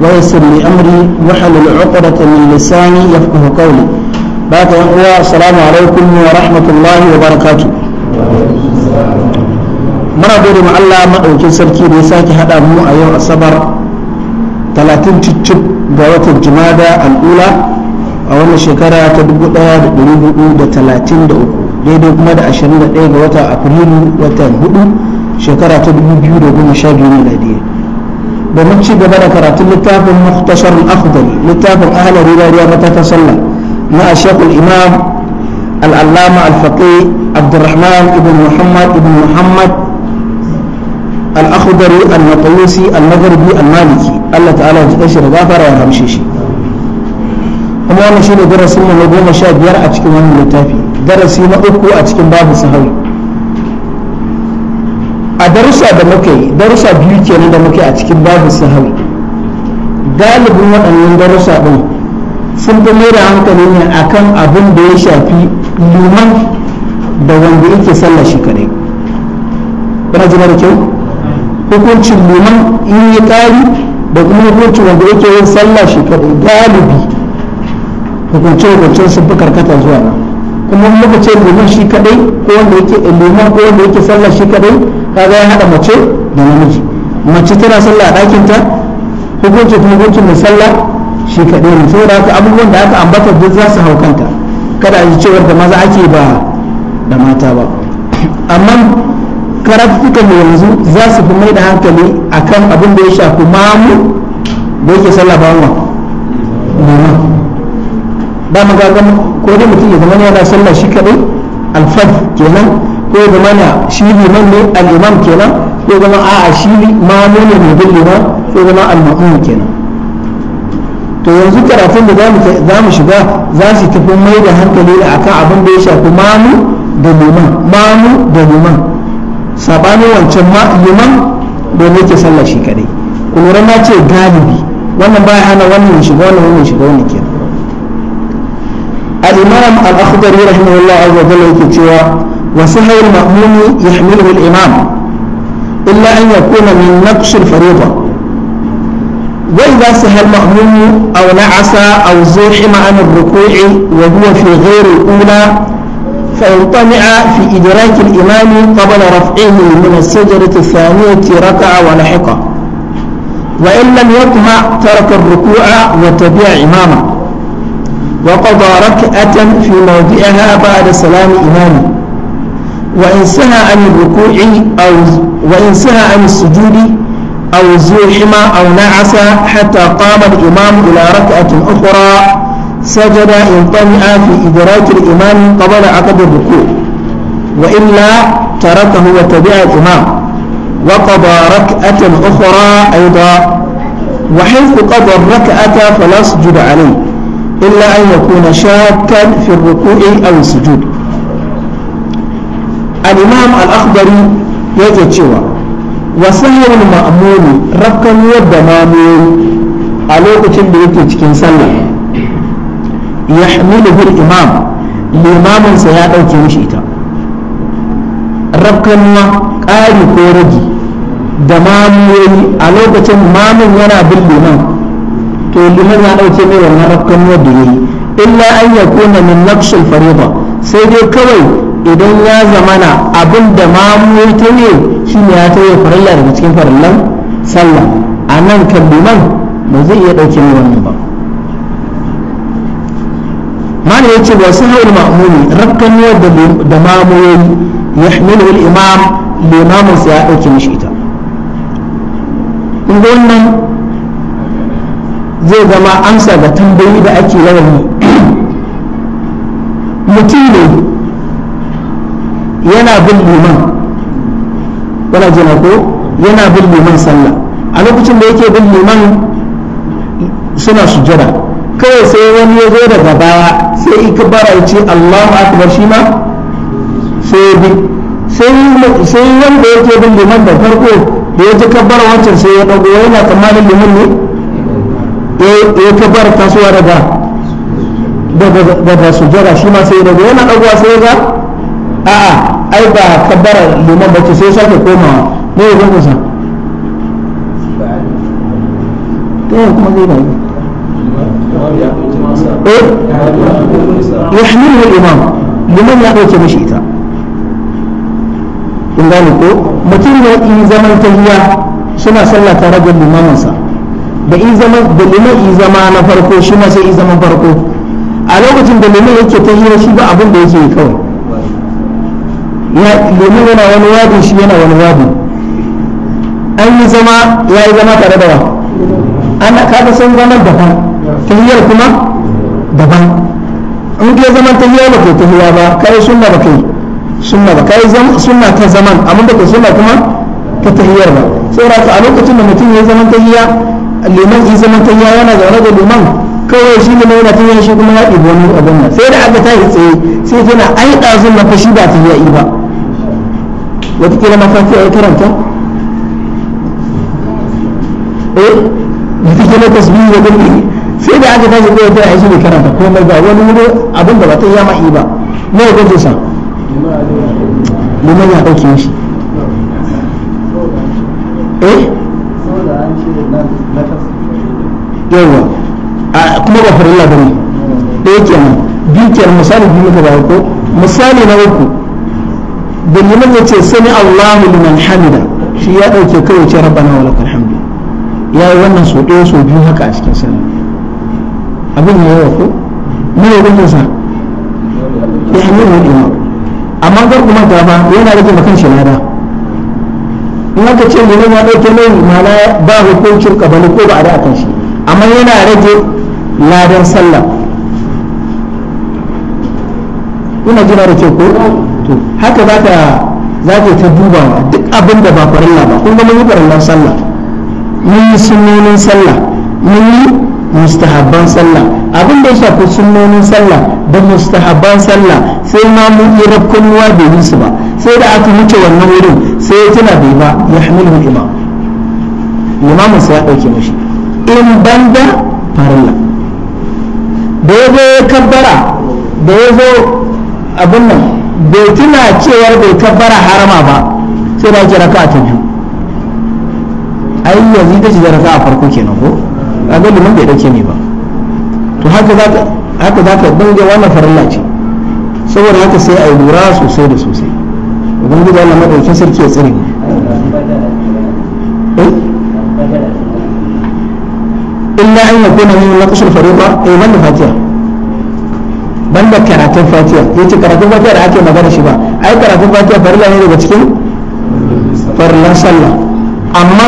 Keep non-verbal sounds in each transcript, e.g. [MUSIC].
ويسر لي أمري واحلل عقدة من لساني يفقه قولي بعد أن السلام عليكم ورحمة الله وبركاته muna gode ma Allah maɗaukin sarki da ya sake haɗa mu a yau asabar 30 cicci ga watan jumada a wannan shekara ta 1433 daidai kuma da 21 ga watan afrilu watan 4 shekara ta 2012 ba mun ci gaba da karatun littafin muhtasar al-akhdar littafin ahla riba riya ta sallah na shaykhul imam al-allama al-faqih abdurrahman ibn muhammad ibn al-akhdar al-maqdisi al maliki Allah ta'ala ya tsare shi gafara ya ramshe shi kuma wannan shine darasin mu na 15 a cikin wannan littafi darasi na uku a cikin babu sahawi darussa da muke darussa biyu kenan da muke a cikin babu sahawi galibin waɗannan darussa ɗin sun fi mai da hankali ne akan abin da ya shafi liman da wanda yake sallah shi kadai kuna jima da kyau hukuncin liman in yi ƙari da kuma hukuncin wanda yake yin sallah shi kadai galibi hukunce-hukuncen sun fi karkata zuwa nan kuma muka ce liman shi kadai ko wanda yake liman ko wanda yake sallah shi kadai kaga ya haɗa mace da namiji mace tana sallah a ɗakinta hukuncin ta hukuncin mai sallah shi kaɗai ne saboda haka abubuwan da aka ambata duk za su hau kanta kada a ji cewar da maza ake ba da mata ba amma karatukan mai yanzu za su fi mai da hankali a kan abin da ya shafi mamu da yake sallah ba wa dama ga ko dai mutum ya zama yana sallah shi kaɗai alfad kenan ko da mana shi liman ne al kenan ko zama a'a shi ma ne mai bin liman ko zama al-mu'min kenan to yanzu karatun da za mu shiga za su tafi mai da hankali da akan abin da ya shafi mamu da liman mamu da liman sabanin wancan ma liman da yake sallah shi kadai kulura na ce galibi wannan baya hana wannan shiga wannan wannan shiga wannan kenan al-imam al-akhdari rahimahullah azza wa jalla yake cewa وسهو المأموم يحمله الإمام إلا أن يكون من نقص الفريضة وإذا سهى المأموم أو نعس أو زحم عن الركوع وهو في غير الأولى فإن طمع في إدراك الإمام قبل رفعه من السجرة الثانية ركع ولحقه وإن لم يطمع ترك الركوع وتبع إمامه وقضى ركعة في موضعها بعد سلام إمامه وإن سهى عن الركوع أو وإن سهى عن السجود أو زوحم أو نعس حتى قام الإمام إلى ركعة أخرى سجد إن طمع في إدراك الإمام قبل عقد الركوع وإلا تركه وتبع الإمام وقضى ركعة أخرى أيضا وحيث قضى الركعة فلا سجود عليه إلا أن يكون شاكا في الركوع أو السجود Alimam imam ya akhdari cewa wasu ma'muni rakkan yadda mamuni a lokacin da yake cikin sallah ya al-imam limamin sa ya dauke mishi ita rakkanuwa ƙari ko ragi da mamuyoyi a lokacin mamun yana bin liman to liman ya dauke mai wannan rakkanuwa da yayi illa an yakuna min naqshil fariḍa sai dai kawai idan ya zamana abin da mamu ta ne shi ne ya taye farilla daga cikin farillan sallah a nan kan liman ba zai iya ɗauke ne wannan ba mana ya ce wasu haul ma'amuni rakkanuwar da mamu ya yi ya hamilu imam limamin sa ya ɗauke mishi ita inda wannan zai zama amsa ga tambayi da ake yawan mutum ne yana bin liman yana jina ko yana bin liman sallah a lokacin da yake bin liman suna sujjada kawai sai wani ya zo daga baya sai ika bara ce Allahu akbar shi ma sai bi sai wanda yake bin liman da farko da ya ji kabbara wancan sai ya dago yana tsammanin liman ne ya eh, eh, kabbar tasowa daga daga sujjada shi ma sai ya dago yana dagowa sai ya ga a'a ai ba kabbara liman ba ce sai sake komawa ne ya zama sa ta yi kuma zai ya eh ne imam liman ya dauke mashi ita in gane ko mutum ya yi zaman tahiya suna sallah tare da limamansa da yi zama da liman yi zama na farko shi ma sai yi zama farko a lokacin da liman yake tahiya shi ba abin da yake kawai domin yana wani wadi shi yana wani wadi an yi zama ya yi zama tare da wa an kaga sun zama daban tahiyar kuma daban in ke zaman tahiya ba kai tahiya ba kai sunna ba kai sunna ba kai sunna ta zaman amma da kai sunna kuma ta tahiyar ba saboda a lokacin da mutum ya yi zaman tahiya liman ya zaman tahiya yana zaune da liman kawai shi ne yana tahiya shi kuma ya ɗibi wani abin nan sai da aka tashi tsaye sai tana ai ɗazun na fashi ba tahiya ba watakila mafarki ya karanta eh watakila tasbihi ya gani sai da aka tashi kawai tana shi ne karanta mai ba wani wuri abin da ba ta yama yi ba ne ya gaje san liman ya ɗauke shi eh yawa kuma ba farilla ba ne ɗaya kenan biyu kenan misali biyu muka ba ko misali na uku da liman ya ce sami Allahu liman hamida shi ya ɗauke kawai ce rabbana wa lakal hamdu wannan so ɗaya so biyu haka a cikin abin ya yawa ko me gudun sa ya amma ba yana rage makan shi lada in aka ce ya mai mana ba hukuncin kabali ko ba a da akan shi amma yana rage ladan sallah ina jira da ke ko to haka za ka za ka ta duba duk abin da ba farilla ba kun gama mun yi farillan sallah mun yi sunnonin sallah mun yi mustahabban sallah abin da ya shafi sunnonin sallah da mustahabban sallah sai ma mun yi rakkunuwa bai yi su ba sai da aka wuce wannan wurin sai ya tuna bai ba ya hamilu ima limamin sai ya ɗauke mashi in banda farilla da ya zo ya kabbara da ya zo abin nan bai tuna cewar bai kabbara harama ba sai da ake raka ta biyu ai yanzu ta ce da raka a farko kenan ko kaga liman bai dauke ne ba to haka za ka haka za dinga wannan farilla ce saboda haka sai a lura sosai da sosai ubangiji Allah madaukakin sarki ya tsare mu eh? illa an yakuna min naqshul fariqa eh, ay man fatiha banda karatun fatiha ya ce karatun fatiha da ake magana shi ba ai karatun fatiha farilla ne daga cikin farlan sallah amma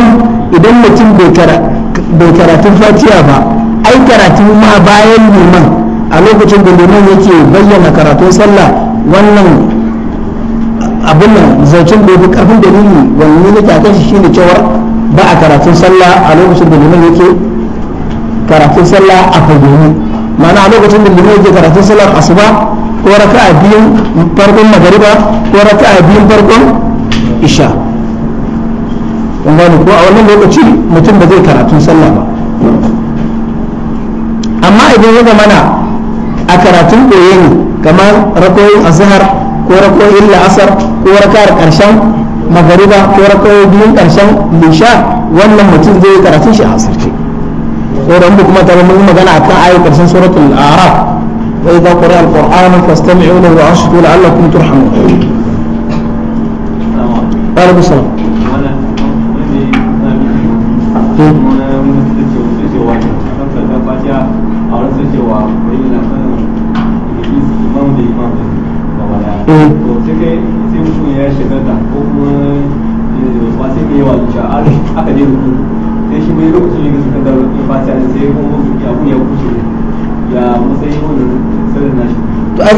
idan mutum bai karatun fatiha ba ai karatun ma bayan liman a lokacin da liman yake bayyana karatun sallah wannan abin nan zancen da yake karfin dalili wani ne ta kashi shine cewa ba a karatun sallah a lokacin da liman yake karatun sallah a fayyani mana a lokacin da liman yake karatun salar asuba ko raka a biyun farkon magariba ko raka a biyun farkon isha kun gane ko a wannan lokaci mutum ba zai karatun sallah ba amma idan ya mana a karatun koye ne kamar rakoyin azhar ko rakoyin la'asar ko rakar karshen magariba ko rakoyin biyun karshen lisha wannan mutum zai karatun shi a asirce سورة بكم ترى من مجانا حتى آية كرسان سورة الأعراف وإذا قرأ القرآن فاستمعوا له وعشقوا لعلكم ترحمون قال أبو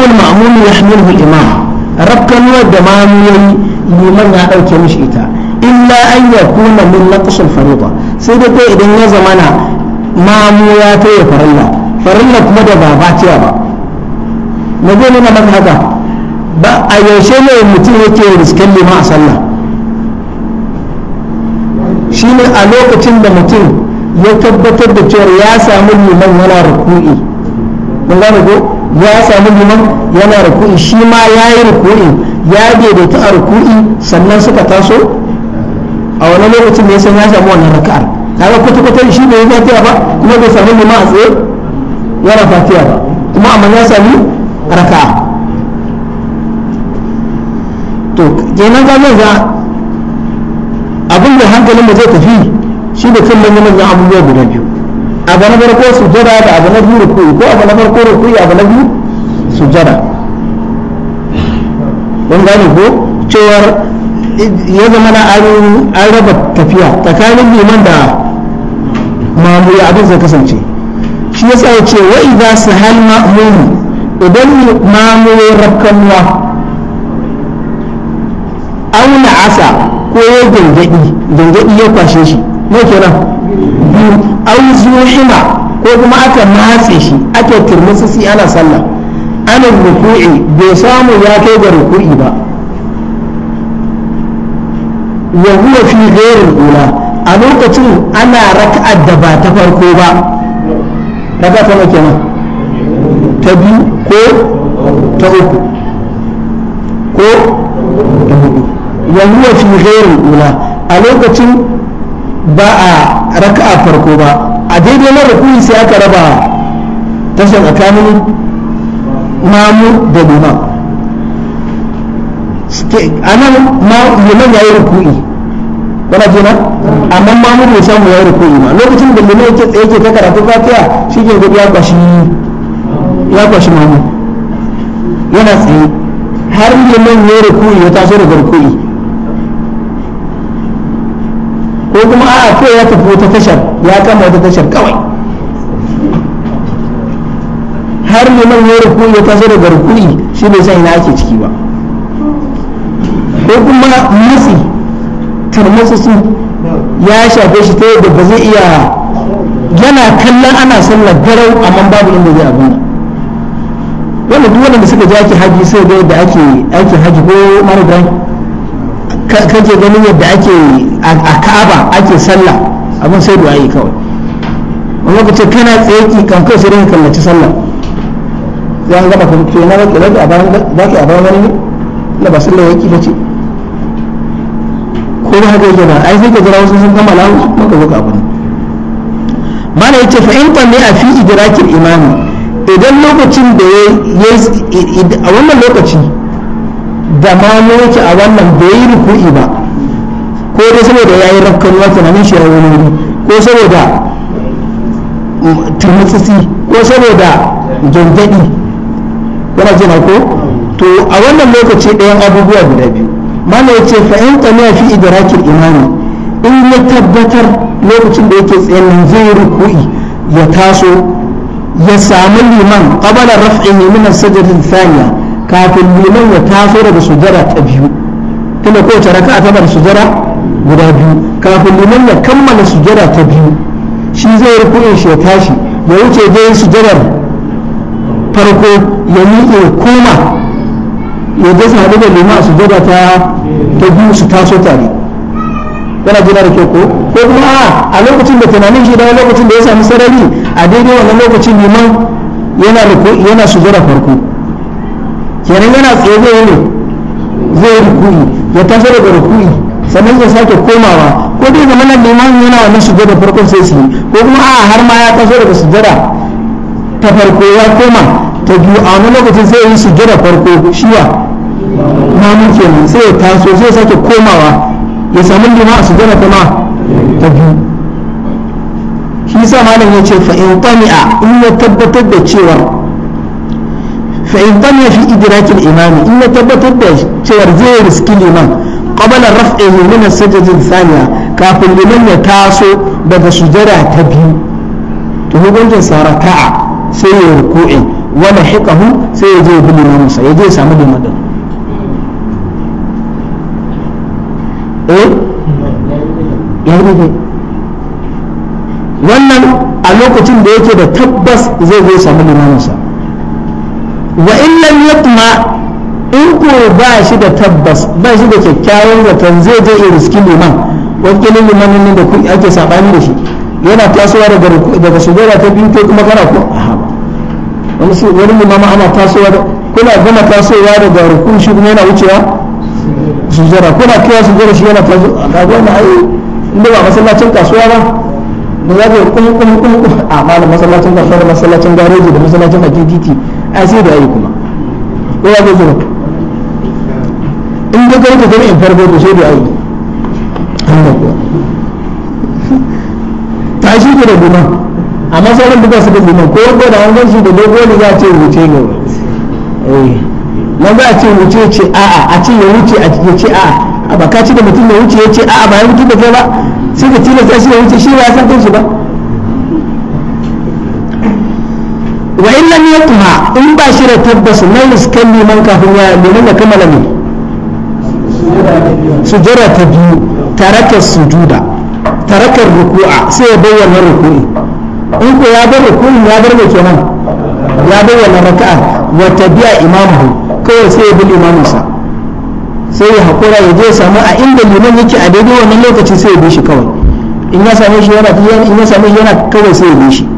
wani ma'amun ya hamilu imam rafkanuwar da mamu ya yi liman ya ɗauke mishi ita illa an ya kuna min naqsul fariḍa sai dai kai idan ya zamana mamu ya taya farilla farilla kuma da ba fatiha ba na zai nuna maka haka ba a yaushe ne mutum yake riskan lima a sallah shine a lokacin da mutum ya tabbatar da cewa ya samu liman yana ruku'i mun gane ko ya samu liman yana ruku'i shi ma ya yi ruku'i ya daidaita a ruku'i sannan suka taso a wani lokacin ne sun ya samu wannan raka'ar kaga kwata-kwata shi bai yi fatiya ba kuma bai samu liman a tsaye yana fatiya ba kuma amma ya sami raka'a to kenan ka zai ga abin da hankalin ba zai tafi shi da kan manyan abubuwa guda biyu abu na farko sujada da abu na biyu rukuyi ko abu na farko rukuyi abu na biyu sujada kun gane ko cewar ya zama na an raba tafiya tsakanin liman da mamuri abin zai kasance shi ya sa ce wa idza sahal ma'mum idan mamuri rakkanwa auna asa ko ya gangadi gangadi ya kwashe shi ne kenan biyu au zuhima ko kuma aka matse shi ake turmusisi ana sallah anan ruku'i bai samu ya kai ga ruku'i ba wa huwa fi ghairil ula a lokacin ana raka'ar da ba ta farko ba raka'a ta nan ta biyu ko ta uku ko ta wa huwa fi ghairil ula a lokacin ba a raka'a farko ba a daidai na rukuni sai aka raba tashin tsakanin mamu da liman a nan liman ya yi rukuni wala jina amma mamu bai samu ya yi rukuni ma lokacin da liman yake tsaye ke ta karatu fatiha shi ke gudu ya kwashi mamu yana tsaye har liman ya yi rukuni ya taso daga rukuni ko kuma a ko ya tafi wata tashar ya kama wata tashar kawai har man ya ruku ya taso daga rukuni shi bai san ina ake ciki ba ko kuma matsi turmutsu su ya shafe shi ta yadda ba zai iya yana kallon ana sallar garau amma babu inda zai abu wanda duk wadanda suka je ake haji sai da yadda ake haji ko mara kake ganin yadda ake a ka'aba ake sallah abin sai du'a yi kawai wani ka ce kana tsaye ki kan kai sai ka kallaci sallah ya an gaba kuma kenan ba ke a ke a bayan wani ne na ba sallah yaki ba ce ko ba haka yake ba ai sai ka jira wasu sun gama lahu maka zo ka abu ne mana yace fa in qalli a fi idirakin imani idan lokacin da ya a wannan lokacin. da ma noki a wannan bai yi ruku'i ba ko dai saboda ya yi rafkanuwa wata na nishiyar wani ko saboda turmutsitsi ko saboda gyangyaɗi yana jina ko to a wannan lokaci ɗayan abubuwa guda biyu mana ya ce fa'in tsamiya fi idrakin imani in ya tabbatar lokacin da yake tsayanin zai ruku'i ya taso ya samu liman ƙabalar raf'ihi min as-sajdah thaniya kafin liman ya taso daga sujada ta biyu tunda kowace raka'a ta da sujada guda biyu kafin liman ya kammala sujada ta biyu shi zai rukunin shi ya tashi ya wuce dai sujadar farko ya miƙe koma ya je da liman a sujada ta ta biyu su taso tare yana jina da kyau ko ko kuma a lokacin da tunanin shi da lokacin da ya sami sarari a daidai wannan lokacin liman yana yana sujada farko kenan yana tsoro ne zai rukuni ya tafi daga rukuni sannan zai sake komawa ko dai zama nan limamin yana wannan da farkon sai su ko kuma a'a har ma ya taso daga sujada ta farko ya koma ta biyu a wani lokacin sai yi sujada farko shiwa mamun kenan sai ya taso sai sake komawa ya samu lima a sujada ta ma ta biyu shi sa malam ya ce fa'in in in ya tabbatar da cewa fa in tanya fi idrakil imami in ya tabbatar da cewar zai riski liman qabala raf'ihi min as-sajdatil thaniya kafin liman ya taso daga sujada ta biyu to hukuncin sa raka'a sai ya ruku'i wala hikahu ya ya wannan a lokacin da yake da tabbas zai zo samu limaminsa wa in lam yatma in ko ba shi da tabbas ba shi da kyakkyawan zaton zai je ya riski liman wakilin ne da ake sabani da shi yana tasowa daga shugaba ta biyu ko kuma kana ko wani su wani limama ana tasowa kuna gama tasowa daga rukun shi kuma yana wucewa sujara kuna kaiwa sujara shi yana taso a kaga wannan ayi inda ba masallacin kasuwa ba da za ka yi kuma kuma kuma a malin masallacin kasuwa da masallacin gareji da masallacin titi a sai da yayi kuma ko ya zo in ga kai gani in farko to sai da yayi Allah ko ta shi da duma amma sauran duka su da duma ko wanda da an ganshi da dogo ne za ce wuce ne eh nan za a ce wuce ce a'a a ce ya wuce a ce a'a a ba ka ci da mutum ya wuce ya ce a'a ba ya wuce da kai ba sai ka tilasta shi ya wuce shi ba ya san kanshi ba wa in lam yatma in ba shi da tabbas na iskan neman kafin ya liman da kammala ne sujjada ta biyu tarakar sujuda tarakar ruku'a sai ya bar wannan ruku'i in ko ya bar ruku'in ya bar mai kenan ya bar wannan raka'a wa tabi'a imamu kawai sai ya bi limaminsa sai ya haƙura ya je samu a inda liman yake a daidai wannan lokaci sai ya bi shi kawai in ya same shi yana in ya same shi yana kawai sai ya bi shi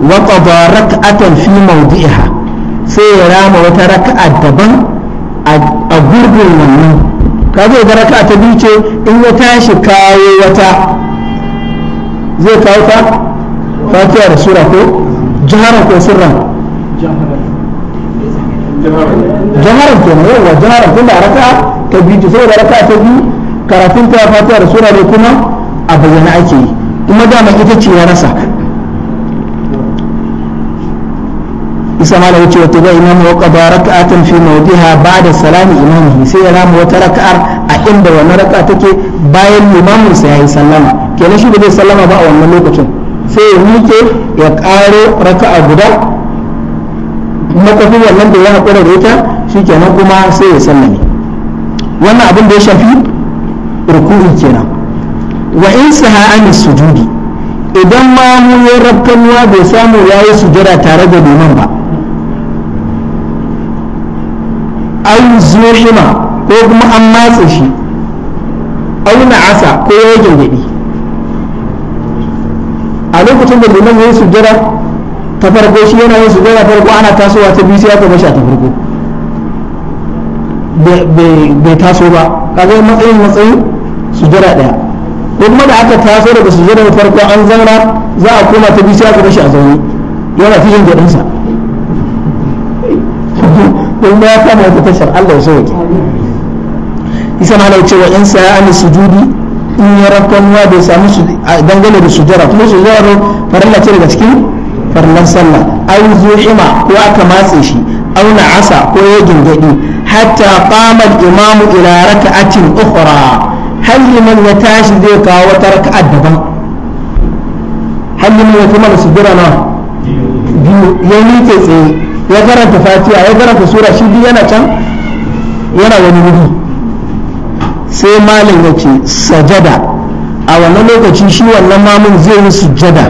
وقضى ركعة في موضعها سيرام وتركعة دبن أقرب المنون kaga idan raka ta biyu ce in ya tashi kawo wata zai kawo ta fatiha da sura ko Jaharar ko sirran jiharar ke na yawwa jaharar, tun da raka ta biyu sai da raka ta biyu karatun ta fatiha da sura ne kuma a bayyana ake yi kuma dama ita ce ya rasa isa ma lahu cewa tuba imam wa qada rak'atan fi mawdiha ba'da salami imamihi sai ya ramu wata raka'ar a inda wannan raka'a take bayan limamin sa yayi sallama kenan shi bai sallama ba a wannan lokacin sai ya miƙe ya ƙaro raka'a guda makafin wannan da ya haƙura da ita shikenan kuma sai ya sallame wannan abin da ya shafi ruku'i kenan wa in saha an sujudi idan ma mu ya rabkanuwa bai samu yayi sujada tare da liman ba zuhima ko kuma an matse shi auna asa ko ya gyangyaɗi a lokacin da liman ya yi sujjada ta farko shi yana yin sujjada farko ana tasowa ta biyu sai aka bashi ta farko bai taso ba kaga matsayin matsayin sujjada ɗaya ko kuma da aka taso daga sujjada farko an zauna za a koma ta biyu sai aka bashi a zaune yana fi yin gyaɗinsa kuma ya kama wata tashar Allah ya sauke isa ma lai cewa in sa'a ni sujudi in ya rakkanuwa ya samu dangane da sujjara kuma sujjara farilla ce daga cikin farillan sallah au zuhima ko aka matse shi au na'asa ko ya gingadi hatta qama al-imamu ila raka'atin ukhra hal liman ya tashi zai kawo wata raka'ar daban hal liman ya kuma sujjara na biyu ya miƙe tsaye ya karanta fatiha ya karanta sura shi duk yana can yana wani wuri sai malam ya ce sajada a wannan lokaci shi wannan mamun zai yi sujada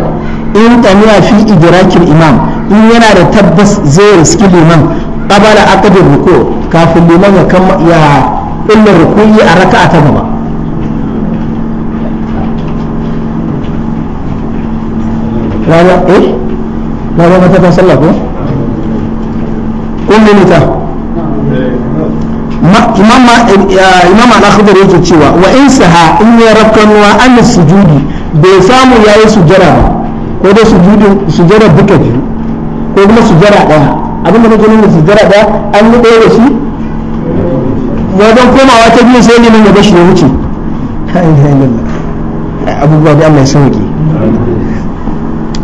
in tamiya fi idrakin imam in yana da tabbas zai riski liman aka da ruku kafin liman ya kama ya kullu yi a raka'a ta gaba rana eh rana mata ta sallah ko wannan ne ta imam eh, al-akhbar yake cewa wa in saha in ya rafkanuwa an sujudi bai samu yayi sujjara ba ko dai sujudi sujjara duka biyu ko kuma sujjara daya abinda nake nuna sujjara daya an yi daya da shi wajen komawa ta biyu sai limin ya bashi ya wuce abubuwa da Allah ya sauke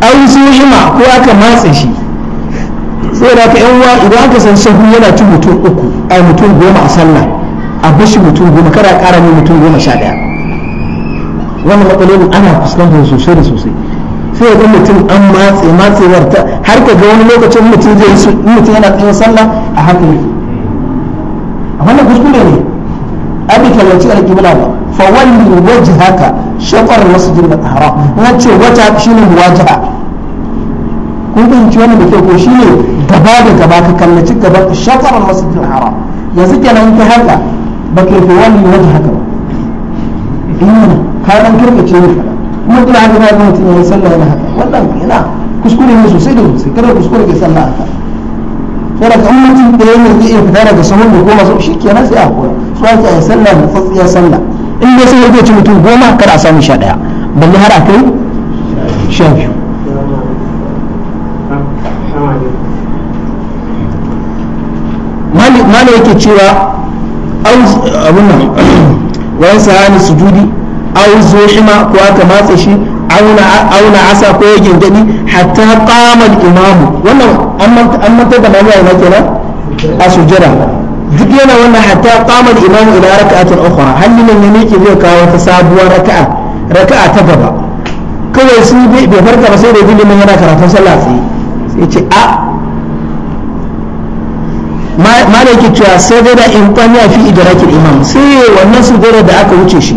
ai sun hima ko aka matse shi sai da ka yanwa idan aka san sahu yana cin mutum uku a mutum goma a sallah a bashi mutum goma kada a ƙara ne mutum goma sha ɗaya wannan matsalolin ana fuskantar sosai da sosai sai ga mutum an matse matsewar ta har ka ga wani lokacin mutum zai yi mutum yana tsayin sallah a haka yake a wannan kuskure ne abin a alƙibla ba fa haka shakwar wasu jirgin haram na ce wata shine muwajaha kun fahimci wannan da kyau ko shi ne. gaba da gaba ka kalli kallaci gaban shatarar masjidil haram yanzu kenan ka haka ba ke fi wani waje haka ba inna ka dan kirkace ne kuma kina haka ba mutum yayin sallah yana haka wannan yana kuskure ne sosai da sosai kada kuskure ke sallah haka saboda kan mutum da yana zai iya fita daga sahun da goma sau shikenan sai a koya so ake ayi sallah da tsatsiya sallah in dai sai ya ci mutum goma kada a samu sha daya balle har a kai sha biyu ne yake cewa abin nan su [CLEARS THROAT] sahani sujudi au zuhima ko aka matsa shi auna asa ko ya gingadi hatta kamar imamu wannan an manta da mamuwa ina kenan a sujjara duk yana wannan hatta kamar imamu ila raka'atin ukhra hallin ne yake zai kawo ta sabuwar raka'a raka'a ta gaba kawai su bai farka ba sai da limin yana karatun sallah tsaye sai ce a ma da sai dai da in kwanya fi idrakil imam sai wannan sujada da aka wuce shi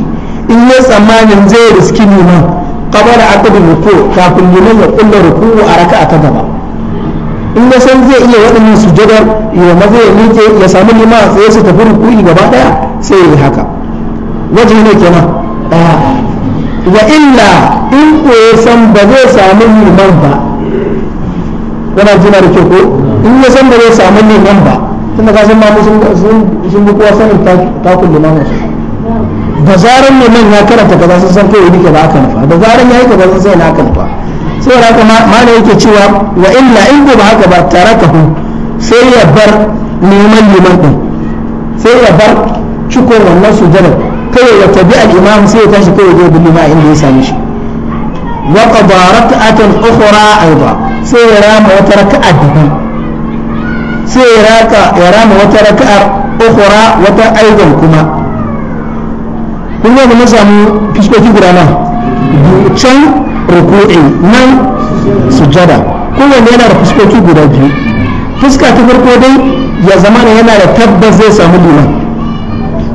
in ya tsammanin zai riski liman qabala aqdul ruku kafin liman ya kulla ruku a raka'a ta gaba in ya san zai iya waɗannan sujadar ya maza ya miƙe ya samu liman sai su tafi ruku'i gaba daya sai ya yi haka waje ne kenan daya wa illa in ko ya san ba zai samu liman ba kana jina da ke ko in ya san ba zai samu liman ba kuma ka san mamu sun bi kowa sanin takun limamin su da ne liman ya karanta kaza sun san kai yake ba aka nufa da zarar ya yi kaza sun san aka nufa sai da haka mana yake cewa wa illa in ba haka ba tare ka tarakahu sai ya bar neman liman din sai ya bar cikon wannan sujadar kawai ya tabi al-imam sai ya tashi kawai zai bi liman inda ya same shi wa qada rak'atan ukhra aidan sai ya rama wata raka'a daban sai ya rama wata raka'ar ukhra wata aidan kuma kun ga mun samu fiskoki guda na can ruku'i nan sujada kowanne yana da fuskoki guda biyu fuska ta farko dai ya zama da yana da tabbas zai samu liman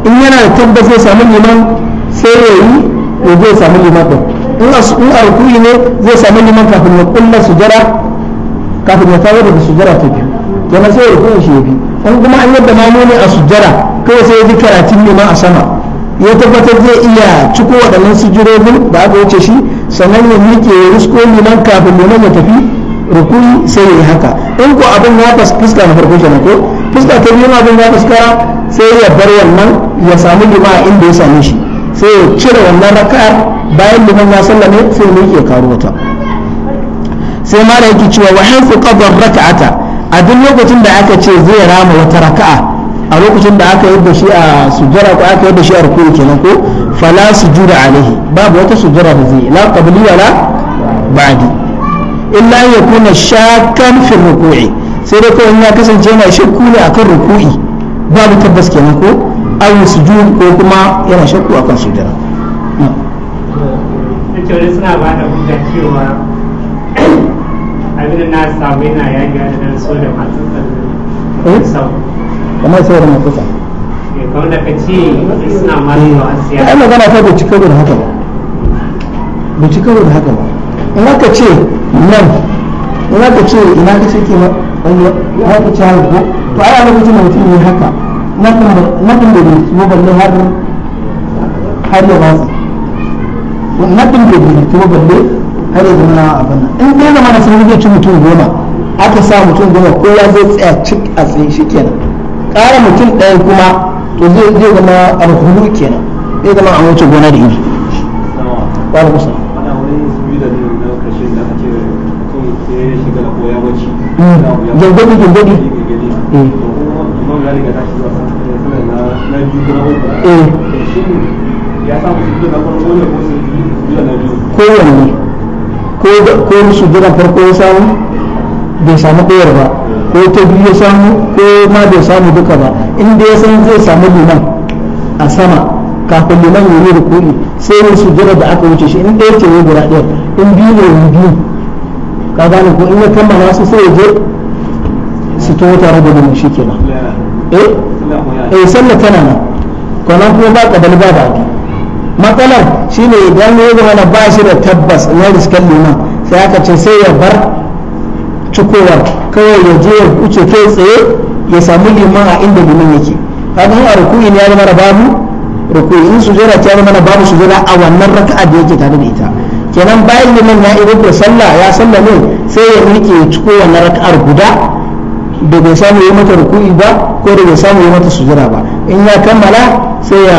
in yana da tabbas zai samu liman sai ya yi ya zai samu liman ɗin in a ruku'i ne zai samu liman kafin ya kulla sujada kafin ya tawar da sujada ta biyu kenan sai ya kuma shi in kuma an yadda ne a sujjara kawai sai ya ji karatun ma a sama ya tabbatar zai iya ciko waɗannan sujjurobin da aka wuce shi sannan ya miƙe ya risko liman kafin liman ya tafi rukuni sai ya yi haka in ko abin ya fuska na farko kenan ko fuska ta biyu abin ya fuska sai ya bar wannan ya samu lima a inda ya same shi sai ya cire wannan raka'ar bayan liman ya sallame sai ya miƙe karo ta sai mara yake cewa wa haifu qadar raka'ata a duk lokacin da aka ce zai rama wata raka'a a lokacin da aka yadda shi a sujjara ko aka yadda shi a rukuni kenan ko fala sujuda alaihi babu wata sujjara da zai la qabli wala ba'di illa yakuna shakkan fi ruku'i sai dai kawai ya kasance yana shakku ne akan ruku'i babu tabbas kenan ko ayu sujud ko kuma yana shakku akan sujjara hmm. suna ba da hujja abin na samu yana yaki da so da masu kamar sai da masu eh, kamar da ka ce suna masu a siya ai magana ta bai cika da haka ba bai cika da haka ba in aka ce nan in aka ce ina ka ce ke ce haka ko to ai a lokacin mutum ne haka da bai kuma balle har har su da bai kuma balle har yanzu muna abin nan in dai zama na sun zai ci mutum goma aka sa mutum goma kowa zai tsaya cik a tsaye shi kenan ƙara mutum ɗaya kuma to zai zai zama alhulu kenan zai zama a wuce gona da iri gangadi mm. eh. eh. eh, kowanne ko jiran farko ya samu bai samu ɗayar ba ko ta biyu ya samu ko ma bai samu duka ba inda ya san zai samu liman a sama kafin liman ya yi kuɗi sai su jira da aka wuce shi in ɗaya ce ya guda ɗaya in biyu ne in biyu ka gane ko in ya kammala su sai ya je su to tare da liman shi kenan eh eh sallah tana nan kwanan kuma ba ƙabal ba abin matsalar shine idan ya zama na ba shi da tabbas na riskan liman sai aka ce sai ya bar cikowar kawai ya je ya wuce kai tsaye ya samu liman a inda liman yake kaga a ruku'i ne ya zama babu ruku'i in sujera ta zama babu sujera a wannan raka'a da yake tare da ita kenan bayan liman ya ido da sallah ya sallah ne sai ya rike ya ciko wannan raka'ar guda da bai samu ya mata ruku'i ba ko da bai samu ya mata sujera ba in ya kammala sai ya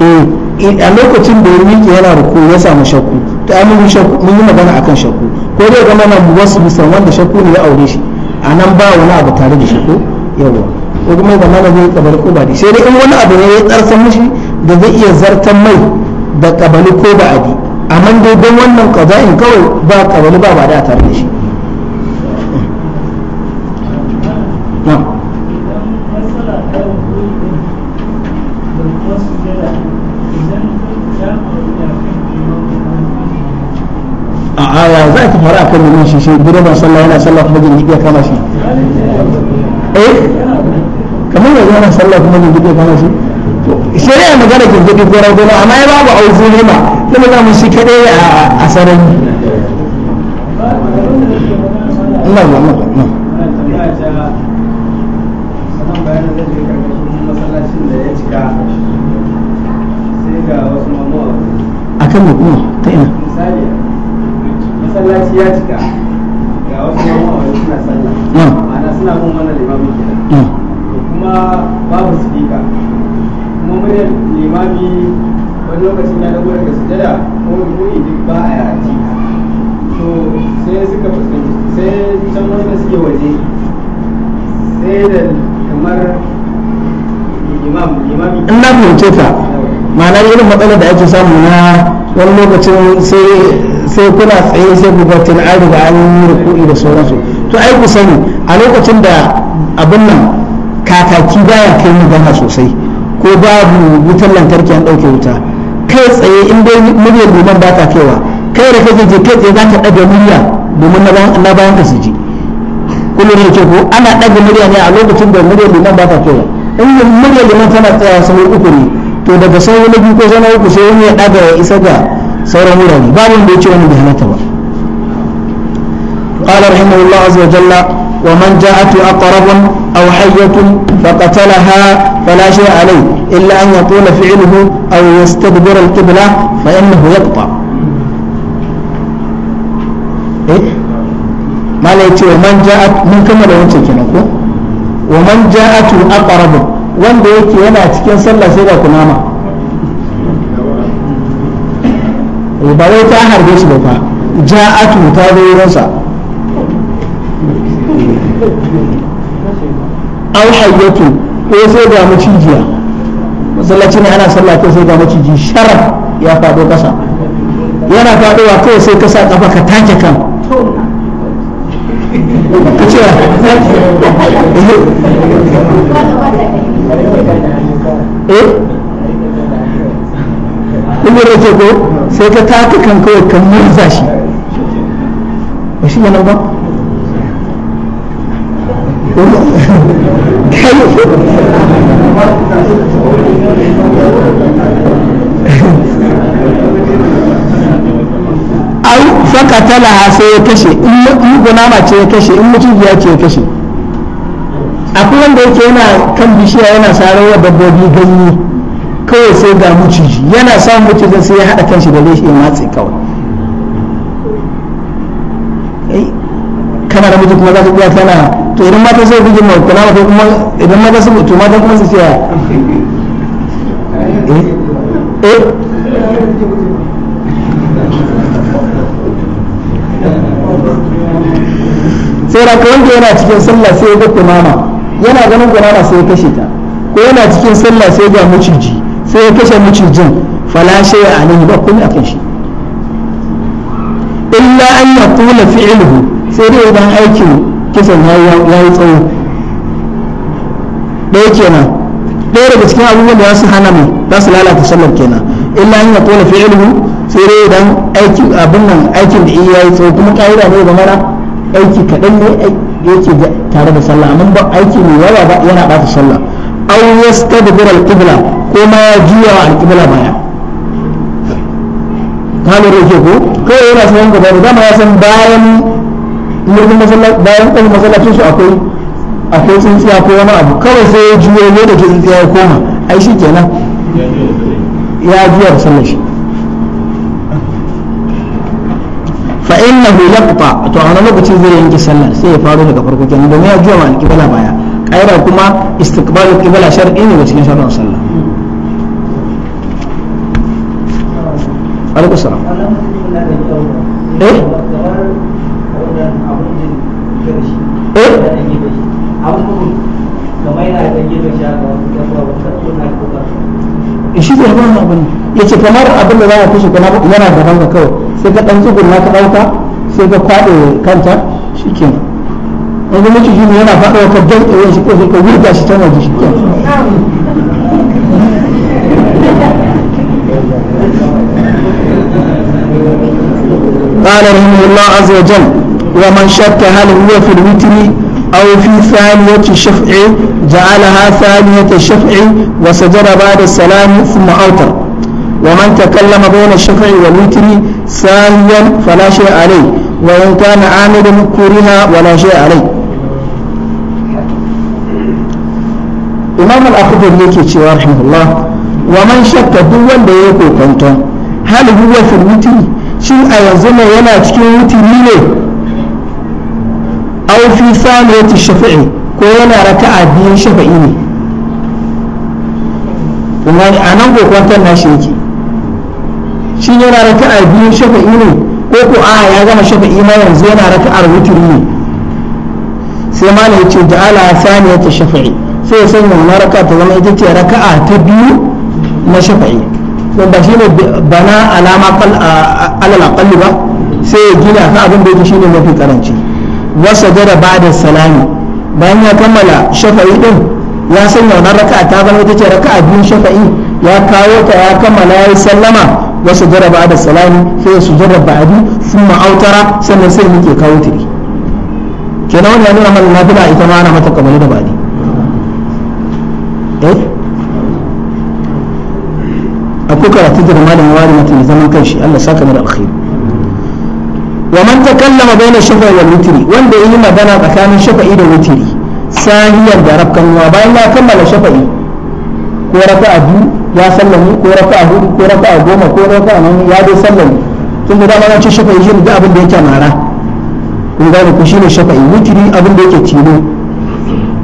Eh, a lokacin da ya miƙe yana ruku ya samu shakku ta amurin shakku mun yi magana akan shakku ko dai ga mana wasu bisan wanda shakku ne ya aure shi a nan ba wani abu tare da shakku yawa ko kuma gama mana zai kabar ko ba sai dai in wani abu ne ya tsarsa mishi da zai iya zartan mai da kabali ko ba a amma dai don wannan qada'in kawai ba kabali ba ba da tare da shi kamar a kan shi shi gudun ban sallah yana sallah kuma jin jiƙe kama shi eh kamar yanzu yana sallah kuma jin jiƙe kama shi shari'a magana jin jiƙe ko ragowa amma ya babu auzu ne ma kuma za mu shi kaɗai a sarari Allah ya maka nan akan mutum ta ina masallaci ya cika ga wasu yawan suna sallah mm. ma'ana suna bin wannan kenan mm. kuma babu kuma muryar limami wani lokacin ya dago daga sujada ko duk ba a yaranci to sai suka fuskanci sai can wanda suke waje sai da kamar imam imami in na fahimce ta irin matsalar da ake samu na wani lokacin sai kuna tsaye sai ku batun an riga an yi rukuni da sauransu to ai ku sani a lokacin da abin nan kakaki baya kai gana sosai ko babu wutar lantarki an ɗauke wuta kai tsaye in dai muryar domin ba ta kaiwa kai da kake je kai tsaye za ka ɗaga murya domin na bayan ka su ji kullum ne ke ko ana ɗaga murya ne a lokacin da muryar domin ba ta kaiwa in muryar domin tana tsaya saboda uku ne to daga sauri na biyu ko zama uku sai wani ya daga ya isa ga sauran wurare wanda ya ce wani ba قال رحمه الله عز وجل ومن جاءته أقرب أو حية فقتلها فلا شيء عليه إلا أن يطول فعله أو يستدبر القبلة فإنه يقطع إيه؟ ما ليتي ومن جاءت من كما لو أنت ومن جاءته أقرب wanda yake yana cikin sallah sai ga kunama eh, ba wai ta harbe shi ba fa ja'atu ta zo wurinsa aw hayyatu ko sai ga macijiya masallaci ne ana sallah ko sai ga maciji sharaf ya fado ƙasa yana faɗowa kawai sai ka sa ƙafa ka take kan ka ce eh kun da ce ko sai ka taka kan kawai kan murza shi ba shi yana ba ai faka tala sai ya kashe in guna mace ya kashe in mutum ya ce ya kashe akwai wanda yake yana kan bishiya yana sarar wa dabbobi ganye kawai sai ga muciji yana samun mucijin sai ya haɗa kanshi da leshi ya matse kawai kana da mutu kuma za ka iya tana to idan mata sai bugin mai kula ko kuma idan mata sai to mata kuma su ce eh? eh sai da kawai yana cikin sallah sai ya ga mama yana ganin kunama sai ya kashe ta ko yana cikin sallah sai ga maciji sai ya kashe macijin falashe shay alaihi ba kun akan shi illa an kula fi'luhu sai dai idan aikin kisan yayi tsawo ɗaya kenan ɗaya daga cikin abubuwan da su hana mu za su lalata sallar kenan illa an ya kula fi'ilhu sai dai idan aikin abin nan aikin da iya yi tsawo kuma ka'ida ne ga mara aiki kaɗan ne yake tare da sallah amma ba aiki ne yawa ba yana bata sallah aw yastadbir al-qibla ko ma ya juya al-qibla baya kana rake ko ko yana san gaba da dama ya san bayan murnin masallaci bayan kan masallacin su akwai akwai tsintsiya ko wani abu kawai sai ya juya ne da tsintsiya ya koma ai shi kenan ya juya sallah shi innahu yaqta to a wani lokaci zai yanke sallah sai ya faru daga farko kenan domin ya juya ma alƙibla baya ƙaira kuma istiqbalul qibla shar'i ne cikin sallah alaikum salam eh eh, eh shi zai ba yace kamar abin da za ka kashe kana yana gaban ka kawai sai ka dan tsugunna ka dauka sai ka kwade kanta shikenan in ga miki shine yana fadawa ka dan ɗaya shi ko sai ka wurga shi tana ji shikenan قال رحمه الله عز وجل ومن شك هل هو في الوتر أو في ثانية الشفع جعلها ثانية الشفع وسجد بعد السلام ثم أوتر ومن تكلم بين الشفع والوتر ساهيا فلا شيء عليه وإن كان عاملا كره ولا شيء عليه إمام الأخضر يكي رحمه الله ومن شك دول ليكو كنتم هل هو في الوتر شيء أيزم ينا تكون وتر أو في ثانية الشفع كون ركعة بين شفعيني kuma a nan kokwantar nashi yake shi yana raka'a biyu shafa'i ne ko ko a ya gama shafa'i ma yanzu yana raka'ar wuturi ne sai ma ya ce ja'ala saniya ta shafa'i sai ya sanya wani raka'a ta zama ita ce raka'a ta biyu na shafa'i ko ba shi ne bana alama alal aqalli ba sai ya gina ka abin da yake shine mafi karanci wasa jara ba'da salami bayan ya kammala shafa'i din ya sanya wannan raka'a ta zama ita ce raka'a biyun shafa'i ya kawo ta ya kammala ya yi sallama wasu jaraba da salami sai su jaraba abi sun ma'autara sannan sai muke kawo tiri kenan wani ya nuna mana nafila ita ma ana mata kamar da badi eh akwai karatu da malamin wari mutum zaman kanshi Allah saka mu da alkhairi wa man takallama bayna shafa'i wal witri wanda yi magana tsakanin shafa'i da witri sahiyar da rabkan wa bayan ya kammala shafa'i ko raka'a biyu ya sallami ko raka'a hudu ko raka'a goma ko a nan ya dai sallami tun da dama ya ce shafa'i shi da abin da yake mara kun gane ku shine shafa'i witiri abin da yake tilo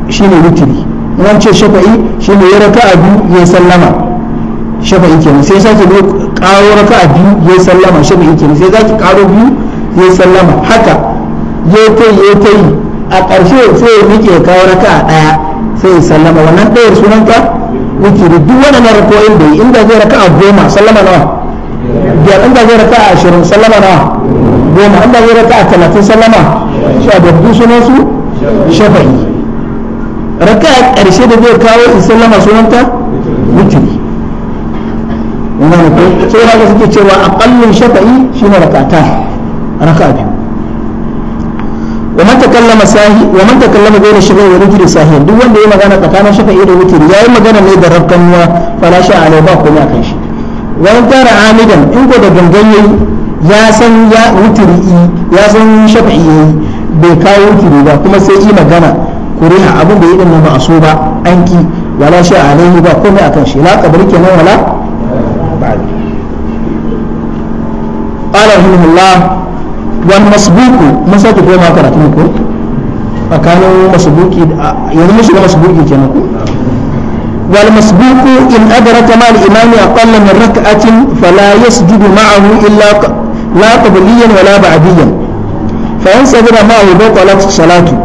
shine witiri in ce shafa'i shine ya raka'a biyu ya sallama shafa'i kenan sai sake ne karo a biyu ya sallama shafa'i kenan sai zaki karo biyu ya sallama haka ya kai ya kai a ƙarshe sai ya miƙe kawo raka'a ɗaya sai ya sallama wannan ɗayar sunanka wikiri duk waɗannan rako'in da yi inda zai raka a goma sallama nawa biyar inda zai raka a ashirin sallama nawa goma inda zai raka a talatin sallama shi a duk sunan su shafa'i raka a ƙarshe da zai kawo in sallama sunanta wikiri wannan ko sai haka suke cewa a aqallun shafa'i shine rakata raka biyu wa man takallama sahi wa man takallama bayna shafa'i wa duk wanda ya magana tsakanin shafa'i da wutri yayi magana ne da rabbanuwa fala sha alai ba kuma akan shi wa in amidan in ko da gangan yayi ya san ya wutri ya san bai kawo wutri ba kuma sai yi magana kuriha abin da yi din nan ba a so ba an ki wala ba komai akan والمسبوك ما بوما كراتنكو أكانوا مسبوكي يعني مش مسبوكي كنكو والمسبوق إن أدرك مع الإمام أقل من ركعة فلا يسجد معه إلا لا قبليا ولا بعديا فإن سجد معه بطلت صلاته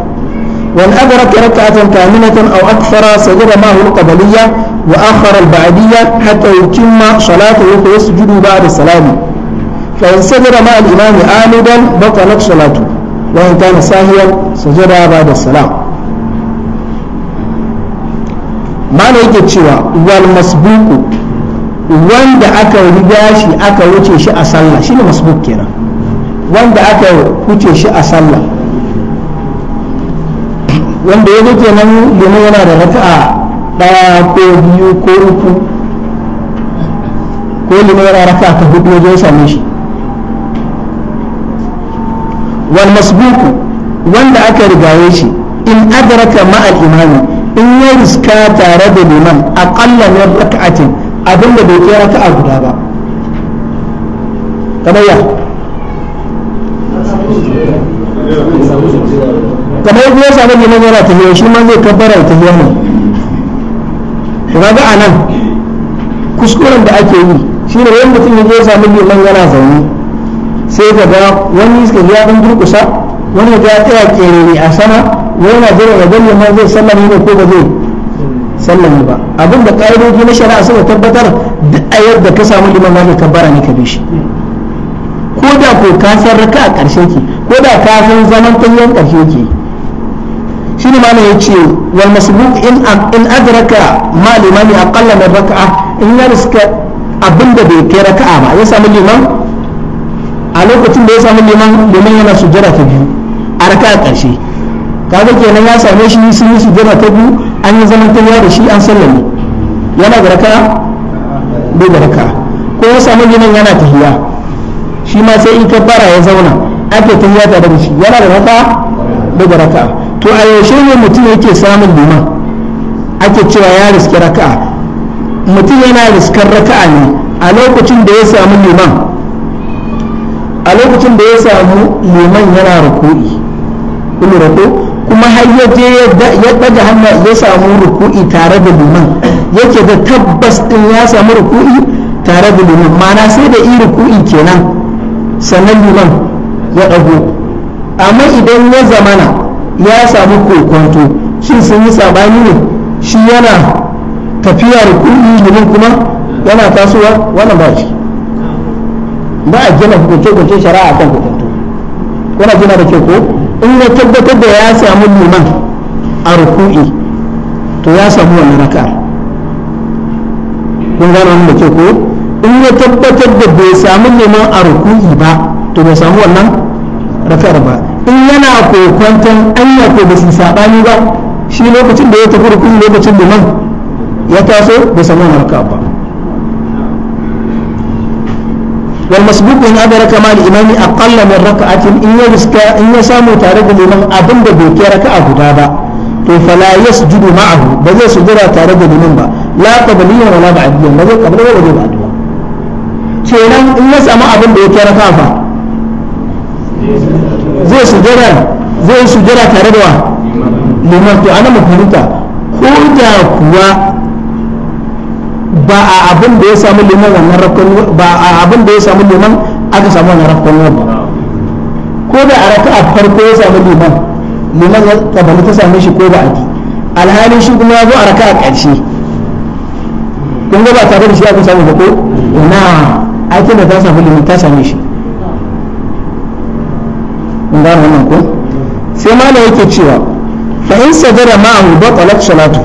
وإن أدرك ركعة كاملة أو أكثر سجد معه القبلية وآخر البعدية حتى يتم صلاته فيسجد بعد سلامه فإن سجد مع الإمام آمدا بطلت صلاته وإن كان ساهيا سجد بعد السلام mana yake cewa wal masbuku wanda aka riga shi aka wuce shi a sallah shi shine masbuk kenan wanda aka wuce shi a sallah wanda ya ke nan yana yana da raka'a daya ko biyu ko uku ko lima yana raka'a ta hudu wajen same shi wal masbuku wanda aka rigaye shi in adraka ma in ya riska tare da liman aqalla min rak'atin abinda bai kai raka'a guda ba kamar ya kamar yadda ya samu liman yana tafiya shi ma zai kabbara da tafiya ne to kaga anan kuskuren da ake yi shine wanda mutum ya zo liman yana zaune sai ka ga wani iska ya dan durkusa wani ya tsaya kerere a sama wani jira ya gani ma zai sallame ne ko ba zai sallame ba abin da ƙa'idoji na shari'a suka tabbatar duk a yadda ka samu liman zaka kabbara ne ka bi shi ko da ko ka san raka a ƙarshe ki ko da ka san zaman tayyan ƙarshe ki shi ne malam ya ce wal masbuk in in adraka ma limami aqalla min raka'a in ya riska abinda bai kai raka'a ba ya samu liman a lokacin da ya samu liman liman yana sujjada ta biyu a raka a ƙarshe kaga kenan ya same shi sun yi sujjada ta biyu an yi zaman tafiya da shi an sallame yana da raka bai da raka ko ya samu liman yana tahiya shi ma sai in ka fara ya zauna ake tahiya tare da shi yana da raka bai da raka to a yaushe ne mutum yake samun liman ake cewa ya riski raka. mutum yana riskar raka ne a lokacin da ya samu liman a lokacin da ya samu liman yana ruku'i kuma ko kuma har yaje je ya daga hannu ya samu ruku'i tare da liman yake da tabbas ɗin ya samu ruku'i tare da liman mana sai da iri ruku'i kenan sannan liman ya dago amma idan ya zamana ya samu kokonto shi sun yi sabani ne shi yana tafiya ruku'i liman kuma yana tasowa wannan ba shi ba a gina hukunce hukunce shari'a kan hukuntu kuna jina da ke ko in ya tabbatar da ya samu liman a ruku'i to ya samu wani raka kun gano wani da ke ko in ya tabbatar da bai samu liman a ruku'i ba to bai samu wannan rakar ba in yana kokwanton anya ko ba su saɓani ba shi lokacin da ya tafi ruku'i lokacin liman ya taso bai samu wani raka ba wal masbuq in adraka ma al imami aqalla min raka'atin samu tare da liman abin da bai kai raka'a guda ba to fala yasjudu ma'ahu ba zai sujura tare da ba ba zai kenan in ya samu abin da ya kai zai sujura zai sujura tare da wa liman to ana mu fahimta ko da kuwa ba a abin da ya samu liman wannan rakon ba a abin da ya samu liman aka samu wannan rakon ba ko da a raka a farko ya samu liman liman ya tabbata ta same shi ko ba a ji alhali shi kuma ya zo a raka a ƙarshe kun ga ba tare da shi aka samu ba ko na aikin da ta samu liman ta same shi kun gane wannan ko sai ma yake cewa fa in sajada ma'ahu batalat salatu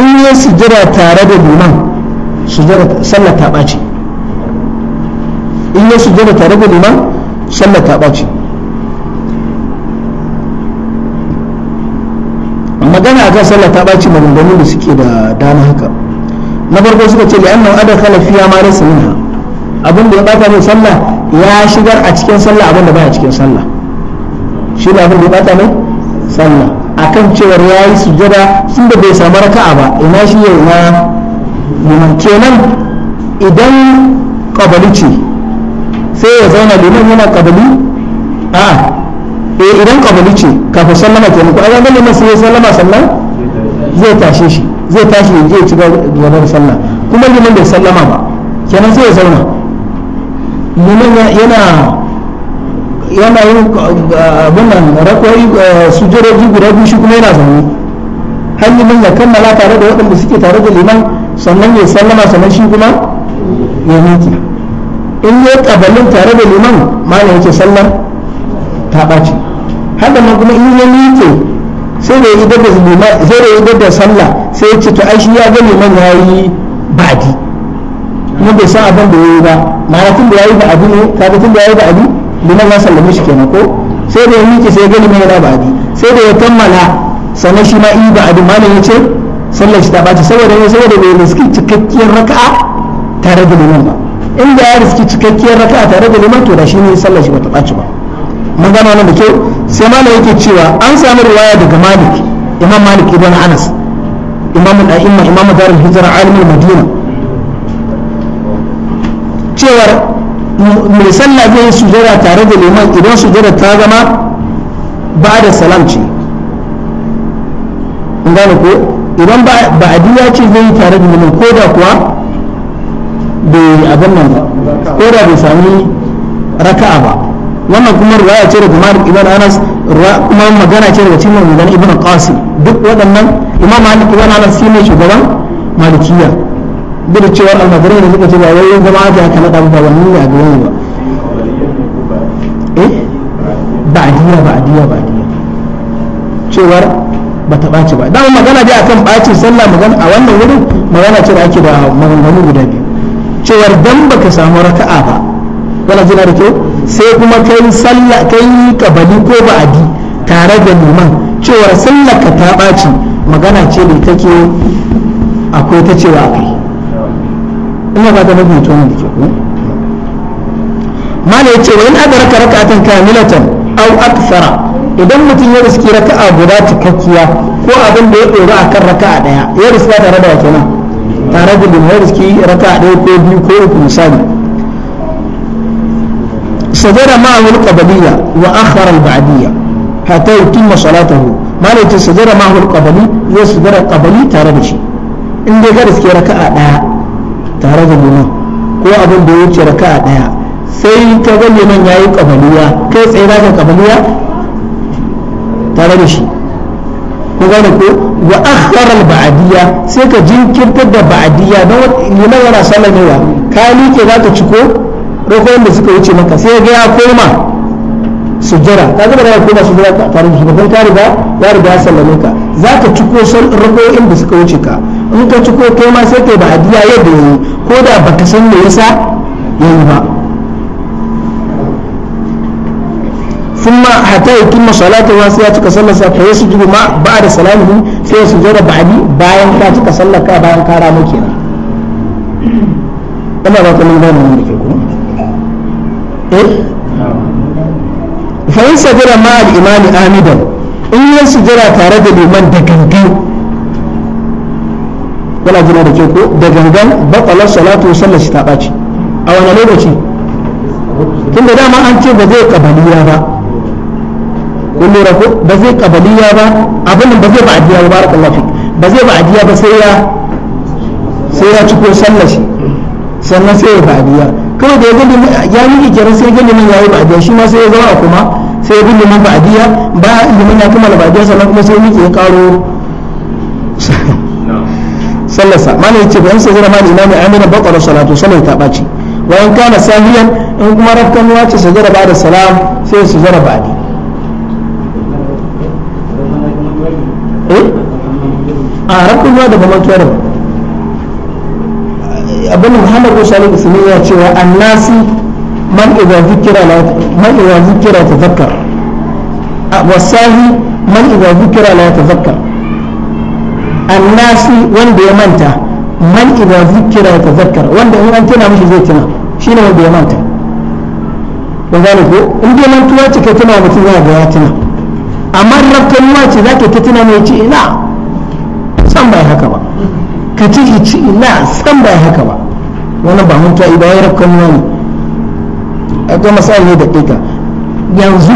in ya sijira tare da liman sallar ta ɓaci in ya sujjada tare da liman sallar ta ɓaci magana akan sallar ta ɓaci maganganu da suke da dama haka na farko suka ce li'annan adakala fiya ma laysa minha abin da ya bata mai sallah ya shigar a cikin sallah abin da baya cikin sallah shi ne abin da ya bata mai sallah akan cewar ya yi sujjada sun da bai samu raka'a ba ina shi ya ina liman kenan idan kabali ce sai ya zauna liman yana kabali a eh idan kabali ce kafin sallama kenan muku an ga liman sai ya sallama sannan zai tashe shi zai tashi ya ya ci gaba da sallah kuma liman bai sallama ba kenan sai ya zauna liman yana yana yin ah, abinan rakwai ah, sujuroji guda biyu shi kuma yana zaune har liman ya kammala tare da waɗanda suke tare da liman sannan ya sallama sannan shi kuma ya miƙe in ya kabalin tare da liman malam yake sallar ta ɓaci haka nan kuma in ya miƙe sai da ya idar da sallah sai ya ce to ai shi ya ga liman ya yi ba'adi kuma bai san abin da ya yi ba maratun tun da ya yi ba'adi ne tabbatun tun da ya yi ba'adi liman ya sallame shi kenan ko sai da ya miƙe sai ya ga liman ya ba'adi sai da ya kammala sannan shi ma yi ba'adi malam ya ce sallar shi ta ɓaci saboda ne saboda bai riski cikakkiyar raka'a tare da liman ba inda ya riski cikakkiyar raka'a tare da liman to da shi ne sallar shi ba ta ɓaci ba mun gano nan da kyau sai malam yake cewa an samu riwaya daga malik imam malik ibn anas imam al-a'imma imam darul hijra alimul madina cewar mai sallah zai yi sujada tare da liman idan sujada ta zama ba da salam ce in gane ko idan ba a ya ce zai yi tare da liman ko da kuwa bai abin nan ba ko da bai sami raka'a ba wannan kuma ruwaya ce daga malik ibn anas kuma magana ce daga cikin magana ibn qasim duk waɗannan imam malik ibn anas shi ne shugaban malikiya duk da cewa almajirai da suka ce ba wai yin zama da haka na ɗan ba wannan ne a gaban ba eh ba'diya ba'diya ba'diya cewar ba ta ɓaci ba don magana dai akan ɓacin sallah magana a wannan wurin magana ce da ake da maganganu guda biyu cewar dan ka samu raka'a ba wala jina da kyau sai kuma kai sallah kai kabali ko ba'adi tare da liman cewar sallah ka ta ɓaci magana ce da take akwai ta cewa akai ina ba ta mafi mutum da kyau eh? mala ya ce wa in adaraka raka'atan kamilatan aw akthara idan mutum ya riski raka'a guda cikakkiya ko abin da ya ɗora a kan raka'a ɗaya ya riska tare da wato nan tare da ya riski raka'a ɗaya ko biyu ko uku misali sajada ma'awul qabaliyya wa akhara al-ba'diyya hatta yutimma salatahu malai ce sajada ma'awul qabali zai sajada qabali tare da shi in dai ka riske raka'a ɗaya tare da liman ko abin da ya wuce raka'a ɗaya sai ka ga liman yayi qabaliya kai tsaye za ka tare da shi ko gane ko wa akhara ba'diya sai ka jinkirtar da ba'diya don yana yana sallamewa ka miƙe za ka ciko rokoyin da suka wuce maka sai ga ya koma sujjara ka ga ba ya koma sujjara tare da shi ba ka ba, ya riga ya sallame ka za ka ciko in da suka wuce ka in ka ciko kai ma sai kai ba'diya yadda yayi ko da baka san me yasa yayi ba kuma hata ya kima salatu ma ya cika sallar sa fa yasu ma ba da salamu sai su jira ba'di bayan ka cika sallar ka bayan ka ramu kenan Allah ba ta mun gane mun dake eh fa in sajira ma al imani amidan in ya sujira tare da liman da gangan kuna jira da ke ko da gangan batala salatu sallar shi ta baci a wani lokaci tun da dama an ce ba zai kabaliya ba kun lura ko ba zai kabaliya ba abin ba zai ba ajiya ba barakallahu fik ba zai ba ajiya ba sai ya sai ya ciko sallar shi sannan sai ya ba'diya kawai da ya gani ya yi ikirar sai gani nan yayi ba'diya shi ma sai ya zama a kuma sai ya bi liman ba'diya ba liman ya kammala ba'diya sannan kuma sai yake ya karo [LAUGHS] sallarsa mana yace bayan sai zama imami amina baqara salatu sallar ta baci wa in kana sahiyan in kuma rafkan wace sajada ba da salam sai su zara ba'di a harkar ruwa daga mantuwa da abin muhammad bin salih usman ya cewa annasi man idza zikira la man idza zikira tazakkar wasahi man idza zikira la tazakkar annasi wanda ya manta man idza zikira tazakkar wanda in an tana mishi zai tuna shine wanda ya manta ba gane ko in dai mantuwa ce kai tana mutum za ga ya tana. amma rafkanuwa ce za ka ta tana mai ce ina san bai haka ba ka ci ci ina san bai haka ba Wani ba mun ta'i ba ya rabka a ga misali ne da kika yanzu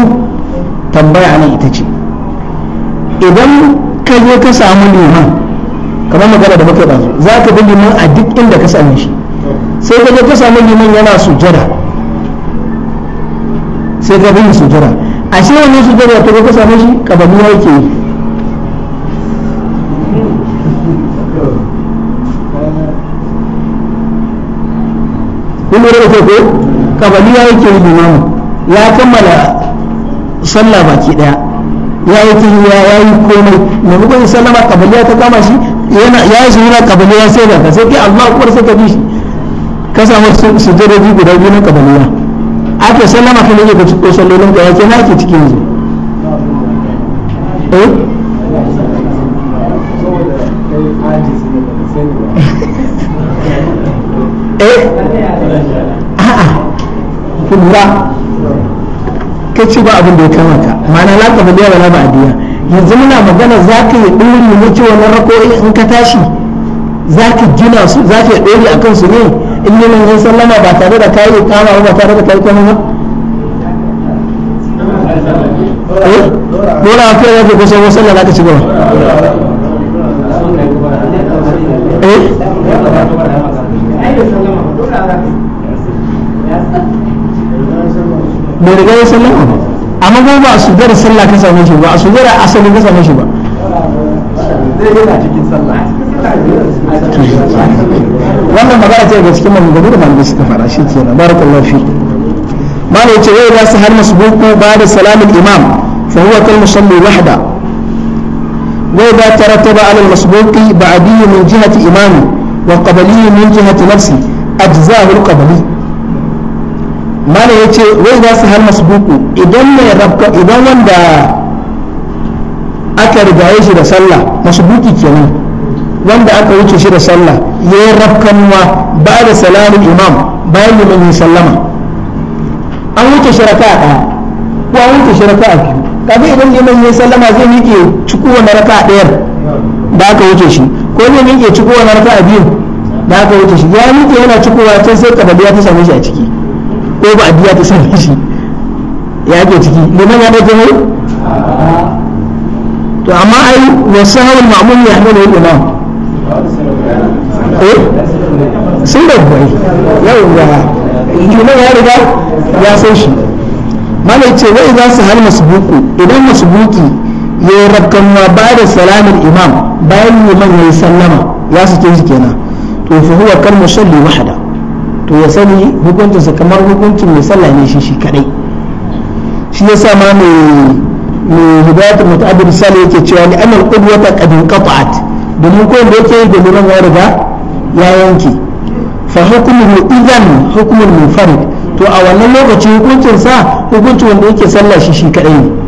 tambaya nan ita ce idan ka je ka samu liman kamar magana da muke ɗazu za ka bi liman a duk inda ka same shi sai ka je ka samu liman yana sujada sai ka bi sujada shi wani sujada ta ka same shi kabali yake yi ke ko kabaliya yake yi limamu ya kammala sallah baki daya ya yi tahiya ya yi komai maimakon ya sallama kabaliya ta kama shi yana ya yi suna kabaliya sai da ka sai kai Allah kuwar sai ka bi shi ka samu sujudoji guda biyu na kabaliya aka sallama kan yake ka ko sallolin ka ya ke na ke cikin yanzu eh ba ka ci ba abin da ya kamata ma'ana la qabliya wala biya yanzu muna magana za ka yi ɗori mu ci wannan rako'i in ka tashi za ka gina su za ka yi ɗori a kansu ne in yi manzan sallama ba tare da kayi kama ba tare da kayi kwanan ba eh? dora a kai yadda kusan wasu sallama ka ci ba. eh bai riga ya sallama ba amma kuma ba a sujjar sallah ka same shi ba a sujjar asali ka same shi ba wannan magana ce daga cikin maganganu da malamai suka fara shi ke nan barakallahu fi mana yace wai za su har masbuku ba da salamin imam fa huwa kal musalli wahda wai da tarattaba ala al masbuqi ba'diyyu min jihati imami wa qabaliyyu min jihati nafsi ajzahu al qabali mana ya ce wai za su halmas buku idan mai rabka idan wanda aka rigaye shi da sallah masbuki kenan wanda aka wuce shi da sallah ya yi rafkanuwa ba da salamin imam bayan liman yi sallama an wuce shiraka a ɗaya ko an wuce shiraka a biyu kafin idan liman yi sallama zai miƙe ciko wani raka a ɗayar da aka wuce shi ko zai miƙe ciko wani raka a biyu da aka wuce shi ya miƙe yana cikowa can sai kabaliya ta same shi a ciki ko ba biya ta sa kishi ya ke ciki liman ya dauke mai to amma ai wasu hawan ma'amun ya hana mai imam eh sun da gwai yawwa liman ya riga ya san shi malai ce wai za su hal masbuku idan masbuki ya yi rakkanwa ba da salamin imam bayan liman ya yi sallama ya su ke shi kenan to fa huwa kan musalli wahda to ya sani hukuncinsa kamar hukuncin mai sallah ne shi shi kadai shi ya sa ma mai hidayatul muta'abbid salih yake cewa ni amal qudwata qad inqata'at domin ko da yake da liman ya riga ya yanke fa hukmuhu idan hukmul munfarid to a wannan lokaci hukuncin sa hukuncin wanda yake sallah shi shi kadai ne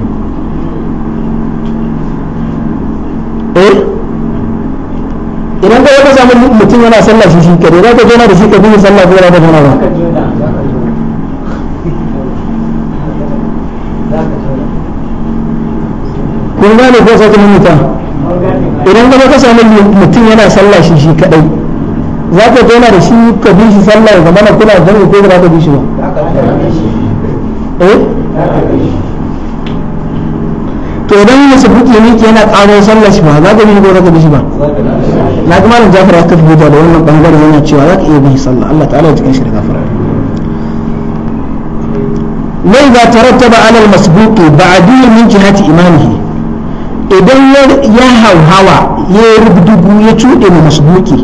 ga mutum na da shekaru yin sallah idan ka ka samu mutum yana sallah shi shi kadai za ka zo da shi ka bi shi sallah ya zama na da ko za ka bi shi ba eh? to idan yana sallah shi ba za ka bi ko za ka bi shi ba na ga malam jafar ya kafa hujja da wannan bangare yana cewa za ka iya bin sallah Allah ta'ala ya jikin shi da gafara wa idza tarattaba ala ba a ba'di min jihati imamihi idan ya hauhawa ya rubdugu ya cuɗe mu masbuki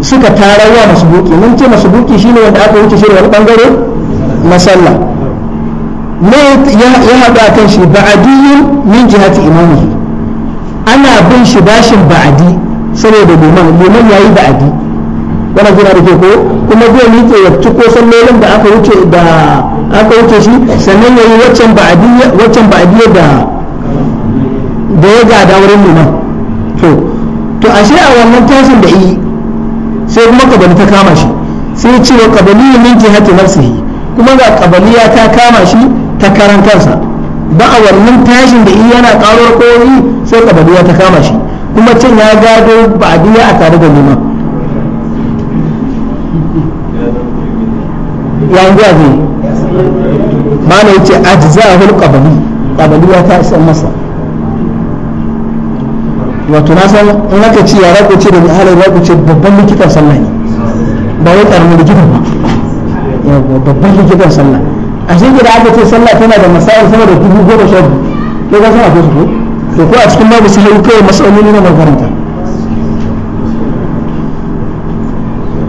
suka tara wa masbuki mun ce masbuki shine wanda aka wuce shi da wani bangare na sallah ne ya haɗu a kan shi ba ba'adiyin min jihati imamihi ana bin shi bashin ba'adi saboda liman liman ya yi ba'adi wannan jira da ke ko kuma zai miƙe ya ciko sallolin da aka wuce da aka wuce shi sannan ya yi waccan ba'adi waccan ba'adiyya da da ya gada wurin liman to to ashe a wannan tashin da yi sai kuma kabali ta kama shi sai cewa kabali min jihati nafsihi kuma ga kabaliya ta kama shi ta karan kansa ba a wannan tashin da iya yana ƙaruwar koyi sai kabaliya ta kama shi kuma cin ya gado ba a biya a tare da neman ya yi zai ma na yace ajzahul kabali ya ta san masa wato na san in haka ci ya rako ce da mihalai rako ce babban likitan sallah ne ba wai karamin likitan ba babban likitan sallah a cikin da aka ce sallah tana da masail sama da dubu goma sha biyu ko ga sama ko su to ko a cikin babu sahihi kawai masaloli na makaranta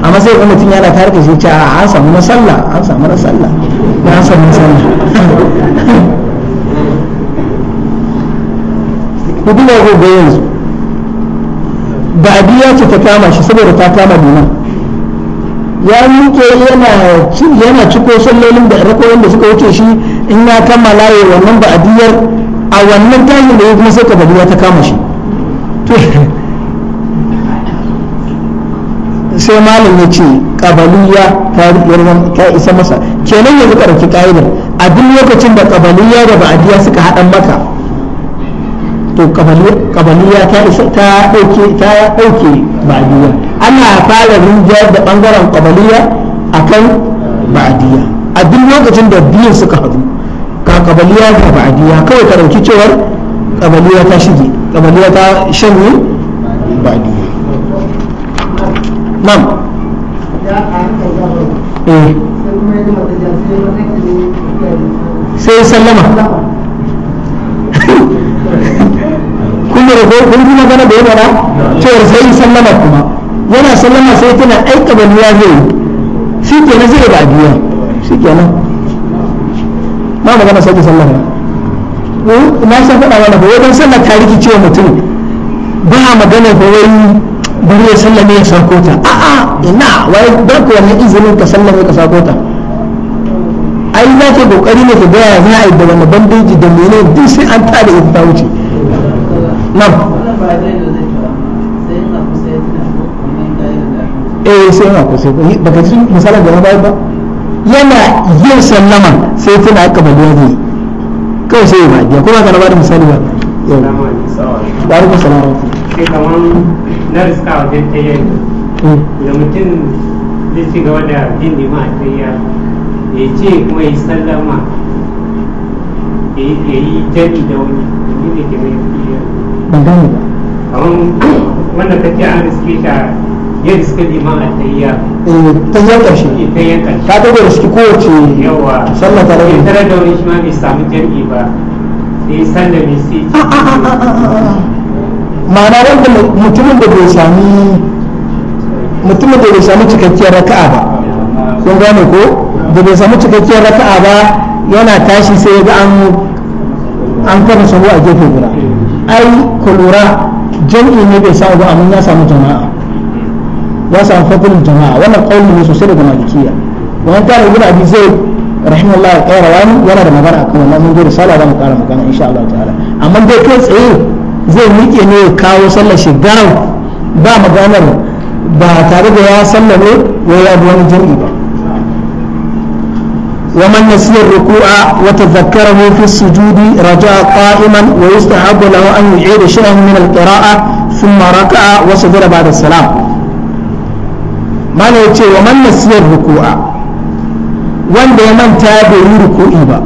amma sai ga mutum yana tare da zuciya a an samu na sallah an samu na sallah na an samu na sallah ku duba ko ga yanzu ba biya ce ta kama shi saboda ta kama liman ya ko yana ciko sallolin da rakowar yadda suka wuce shi in ya kammala ya wannan ba adiyar a wannan tashin da ya kuma sai kabaliya ta kama shi [LAUGHS] sai malam ya ce kabaliya ta isa masa kenan yanzu rake ka'idar a duk lokacin da kabaliya da ba'adiya suka haɗa maka to kabaliya ta ɗauke ba'adiya ana fara rinjiyar da bangaren kabaliya akan ba'diya a duk lokacin da biyun suka haɗu. ka kabaliya ga ba'adiyya. kawai ka cewar kabaliya ta shige kabaliya ta shanye ba'diya nam eh. sai sallama [LAUGHS] kun yi rago kun kuma magana da ya bara cewar sai sallama kuma yana sallama sai tana aika ruwa zai shi kenan zai ba biya shi kenan mu gana sake sallama na san faɗa wani ba wajen sallar ta rikice mutum ba a magana ba wai bari ya sallame ya sako ta a'a ina wai don ku wani izinin ka sallame ka sako ta ai za ka kokari ne ka ga ya za a yi da wani bandeji da mene duk sai an tare ya fita wuce eh sai na kusa ba ka ji misalin da na bayar ba yana yin sallama sai tana aka ba kawai sai ba ya kuma ka na bada misali ba yau da rufe salama sai kamar na riska wajen hmm. da mutum zai ci gaba da a tayyar ya ce kuma ya sallama ya yi jari da wani ne ke mai fiye ban ba wanda an riske yin suka liman attahiyya eh, ta yan shi. ta yan karshe ka ta da shi kowace yawa sallah ta rabu tare da wani shi ma bai samu jami'i ba sai sallah mai sai ma'ana wanda mutumin da bai sami mutumin da bai sami cikakkiyar raka'a ba kun gane ko da bai sami cikakkiyar raka'a ba yana tashi sai ya ga an an kama sahu a gefe guda ai kulura jami'i ne bai samu ba amma ya samu jama'a ya samu jama'a wannan kauli ne sosai daga malikiya wannan tare ibn abi zaid rahimahullah al wani yana da magana akan wannan mun gode sala da kara magana insha Allah ta'ala amma dai kai tsaye zai miƙe ne kawo sallar shi ba maganar ba tare da ya sallame ko ya bi wani jami'i ba ومن نسي الركوع وتذكره في السجود رجع قائما ويستحب له أن يعيد شيئا من القراءة ثم ركع وسجد بعد السلام mana ya ce wa man nasiyar ruku'a wanda ya manta bai yi ruku'i ba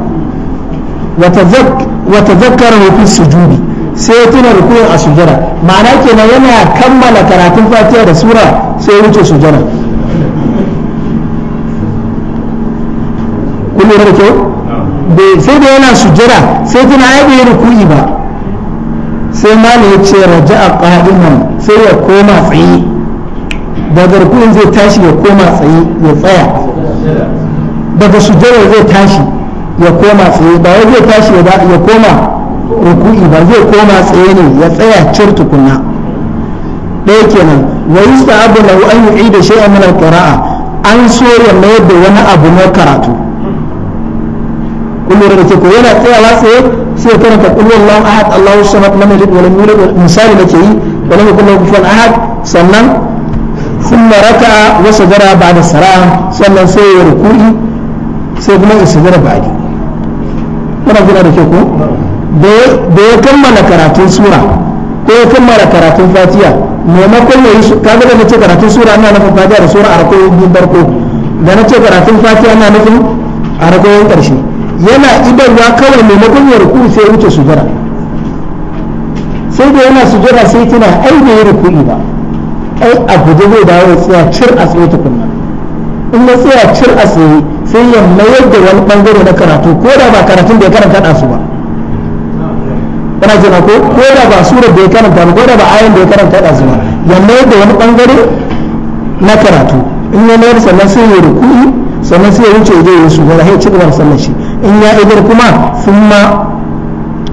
wata zakkara hukun sujudi sai ya tuna ruku'in a sujjara ma'ana kenan yana kammala karatun fatiha da sura sai ya wuce sujjara kun lura da kyau sai da yana sujjara sai tuna ya bai yi ruku'i ba sai malam ya ce raja'a qa'iman sai ya koma tsaye daga rukun zai tashi ya koma tsaye ya tsaya daga sujjada zai tashi ya koma tsaye ba wai zai tashi ya koma ruku'i ba zai koma tsaye ne ya tsaya cir tukunna ɗaya kenan wai wa abu lahu an yi da shay'an min mana ƙara'a an so ya mayar da wani abu na karatu kullu da ke ko yana tsayawa tsaye sai karanta kullu Allahu ahad Allahu samad lam yalid wa lam yulad misali da ke yi wa lam yakul lahu kufuwan ahad sannan ثم ركع وسجر بعد السلام صلى سي ركوعي سي كما سجر بعدي kuna kuna da ke ko da ya kammala karatun sura ko ya kammala karatun fatiha maimakon ya yi kaga da nace karatun sura ana nufin fatiha da sura a rakoyin biyun barko da nace karatun fatiha ana nufin a rakoyin karshe yana idarwa kawai maimakon ya ruku sai wuce sujara sai da yana sujara sai tana ai da ya ruku'i ba ai a da zai dawo ya tsaya cir a tsaye tukunna in ya tsaya cir a tsaye sai ya mayar da wani bangare na karatu ko da ba karatun da ya karanta da su ba kana jina ko ko da ba surar da ya karanta ba ko da ba ayan da ya karanta da su ba ya mayar da wani bangare na karatu in ya mayar sannan sai ya ruku'i sannan sai ya wuce ya je su ba ya ci gaba da sallar shi in ya idar kuma ma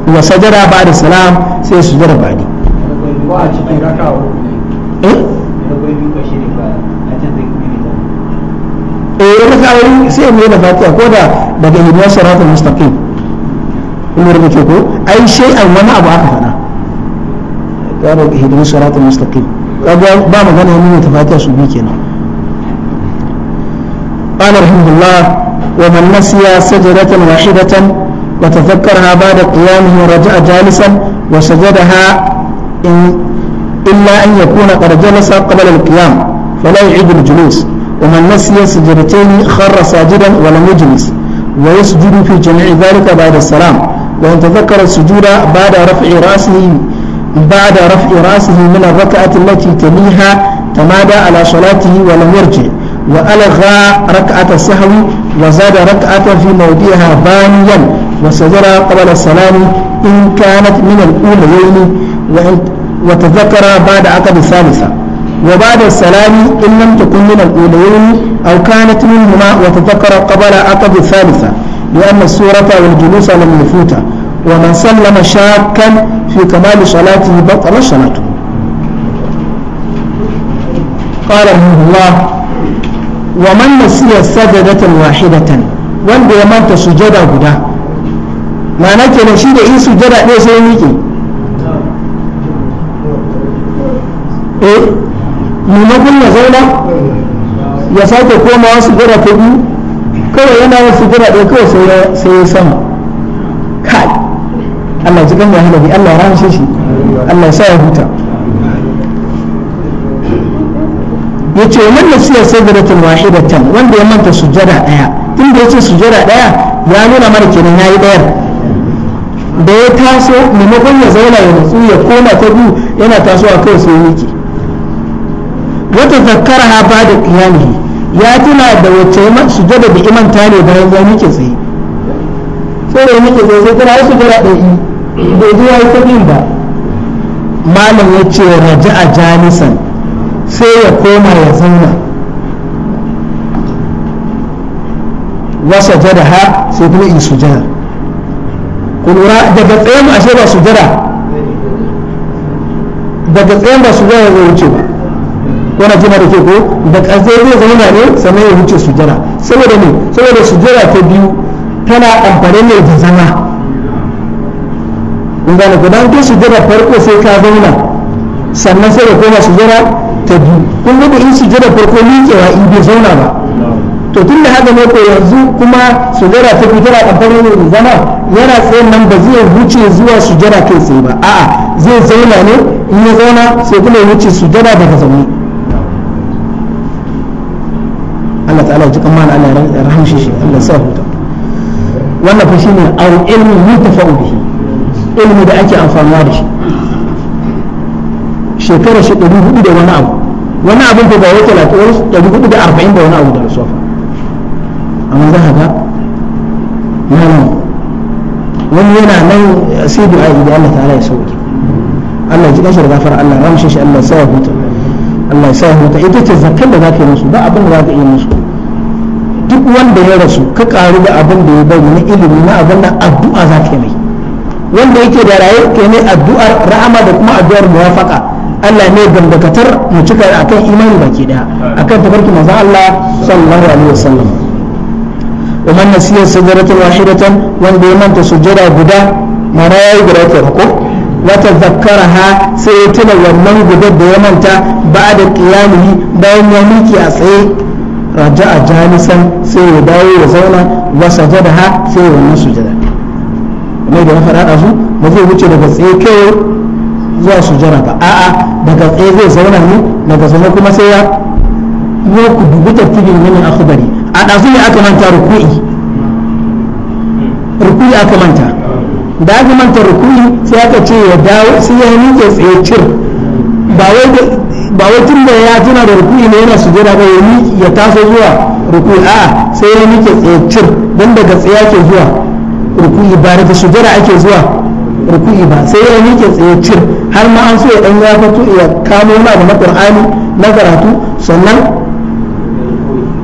wa sajara ba da salam sai su jira ba. a cikin ya rasa ayoyi sai ya da fatiha ko da daga ihdina siratal mustaqim kun lura ce ko ai shay'an wani abu aka faɗa qala ihdina siratal mustaqim kaga ba magana yana ta fatiha su bi kenan قال رحمه الله ومن نسي سجدة واحدة وتذكرها بعد قيامه ورجع جالسا وسجدها إن إلا أن يكون قد جلس قبل القيام فلا يعيد الجلوس ومن نسي سجدتين خر ساجدا ولم يجلس ويسجد في جميع ذلك بعد السلام وإن تذكر السجود بعد رفع رأسه بعد رفع رأسه من الركعة التي تليها تمادى على صلاته ولم يرجع وألغى ركعة السهو وزاد ركعة في موضعها بانيا وسجد قبل السلام إن كانت من الأوليين وتذكر بعد عقد الثالثة وبعد السلام إن لم تكن من الأولين أو كانت منهما وتذكر قبل عقد الثالثة لأن السورة والجلوس لم يفوتا ومن سلم شاكا في كمال صلاته بطل صلاته قال رحمه الله ومن نسي سجدة واحدة وان بيمان تسجد غدا ما نكي نشيد إيه سجدة ليس يميكي maimakon ya zauna ya sake koma wasu sujada ta biyu kawai yana wasu sujada ɗaya kawai sai ya sama kai Allah ji kan halabi Allah ran shi shi Allah ya sa ya huta ya ce wannan nasiya da can wanda ya manta sujada ɗaya inda ya ce sujada ɗaya ya nuna mana kenan ya yi ɗayar da ya taso maimakon ya zauna ya nutsu ya koma ta biyu yana tasowa kawai sai ya miki wata zakkara ha ba da kiyamihi ya tuna da wace wacce sujada da imanta ne bayan ya miƙe tsaye sai ya miƙe tsaye sai tana wasu jira ɗaya bai ji ya yi kuɗin ba malam ya ce raja a janisan sai ya koma ya zauna wasa jada ha sai kuma in sujada ku lura daga tsayin ashe ba sujada daga tsayin ba su sujada zai wuce ba yana jina da ke ko da ƙasar zai zauna ne sannan ya wuce sujjara saboda ne saboda sujjara ta biyu tana amfani ne da zama in gane ku dan kai farko sai ka zauna sannan sai ka koma sujjara ta biyu kun gudu in sujjara farko miƙewa in bai zauna ba to tun da haka ne ko yanzu kuma sujjara ta biyu tana amfani ne da zama yana tsayin nan ba zai wuce zuwa sujjara kai tsaye ba a'a zai zauna ne in ya zauna sai kuma ya wuce sujjara daga zaune Allah ji mana Allah ya rahamshe shi Allah sa huta wannan fa shine aw mutafa'u bihi da ake amfani da shi shekara shi 400 da wani abu wani abin da ba wai 30 da 440 da wani abu da rasuwa amma za ka ga malam wani yana nan sai du'a da Allah ta'ala ya sauke Allah ji kashar gafara Allah shi Allah sa huta Allah sa huta ita ce zakkan da zaka yi musu ba abin da zaka yi musu duk wanda ya rasu ka karu da abin da ya bari na ilimi na abin da addu'a za ka mai wanda yake da raye ke ne addu'ar rahama da kuma addu'ar muwafaka Allah ne dandakatar mu cika akan imani baki daya akan tabarki manzo Allah sallallahu alaihi wasallam wa man nasiya sajdatan wahidatan wanda ya manta sujjada guda mana yayi guda ta ko wa tadhakkaraha sai ya tuna wannan guda da ya manta ba da qiyamihi bayan ya miki a tsaye raja'a jalisan sai ya dawo ya zauna wa sajadaha sai ya wannan sujada kamar da na faɗa da su ba zai wuce daga tsaye kewa zuwa su sujada ba a'a daga tsaye zai zauna ne daga zaune kuma sai ya yi ku dubi tartibin min akhbari a ɗazu ne aka manta ruku'i ruku'i aka manta da aka manta ruku'i sai aka ce ya dawo sai ya miƙe tsaye cir ba wai ba wai da ya tuna da rukuni ne yana sujada ba ya taso zuwa rukuni a'a sai ya nike tsayacir don daga tsaye ke zuwa rukuni ba daga sujada ake zuwa rukuni ba sai ya nike tsayacir har ma an so ya dan ya fito ya kamo na da qurani na karatu sannan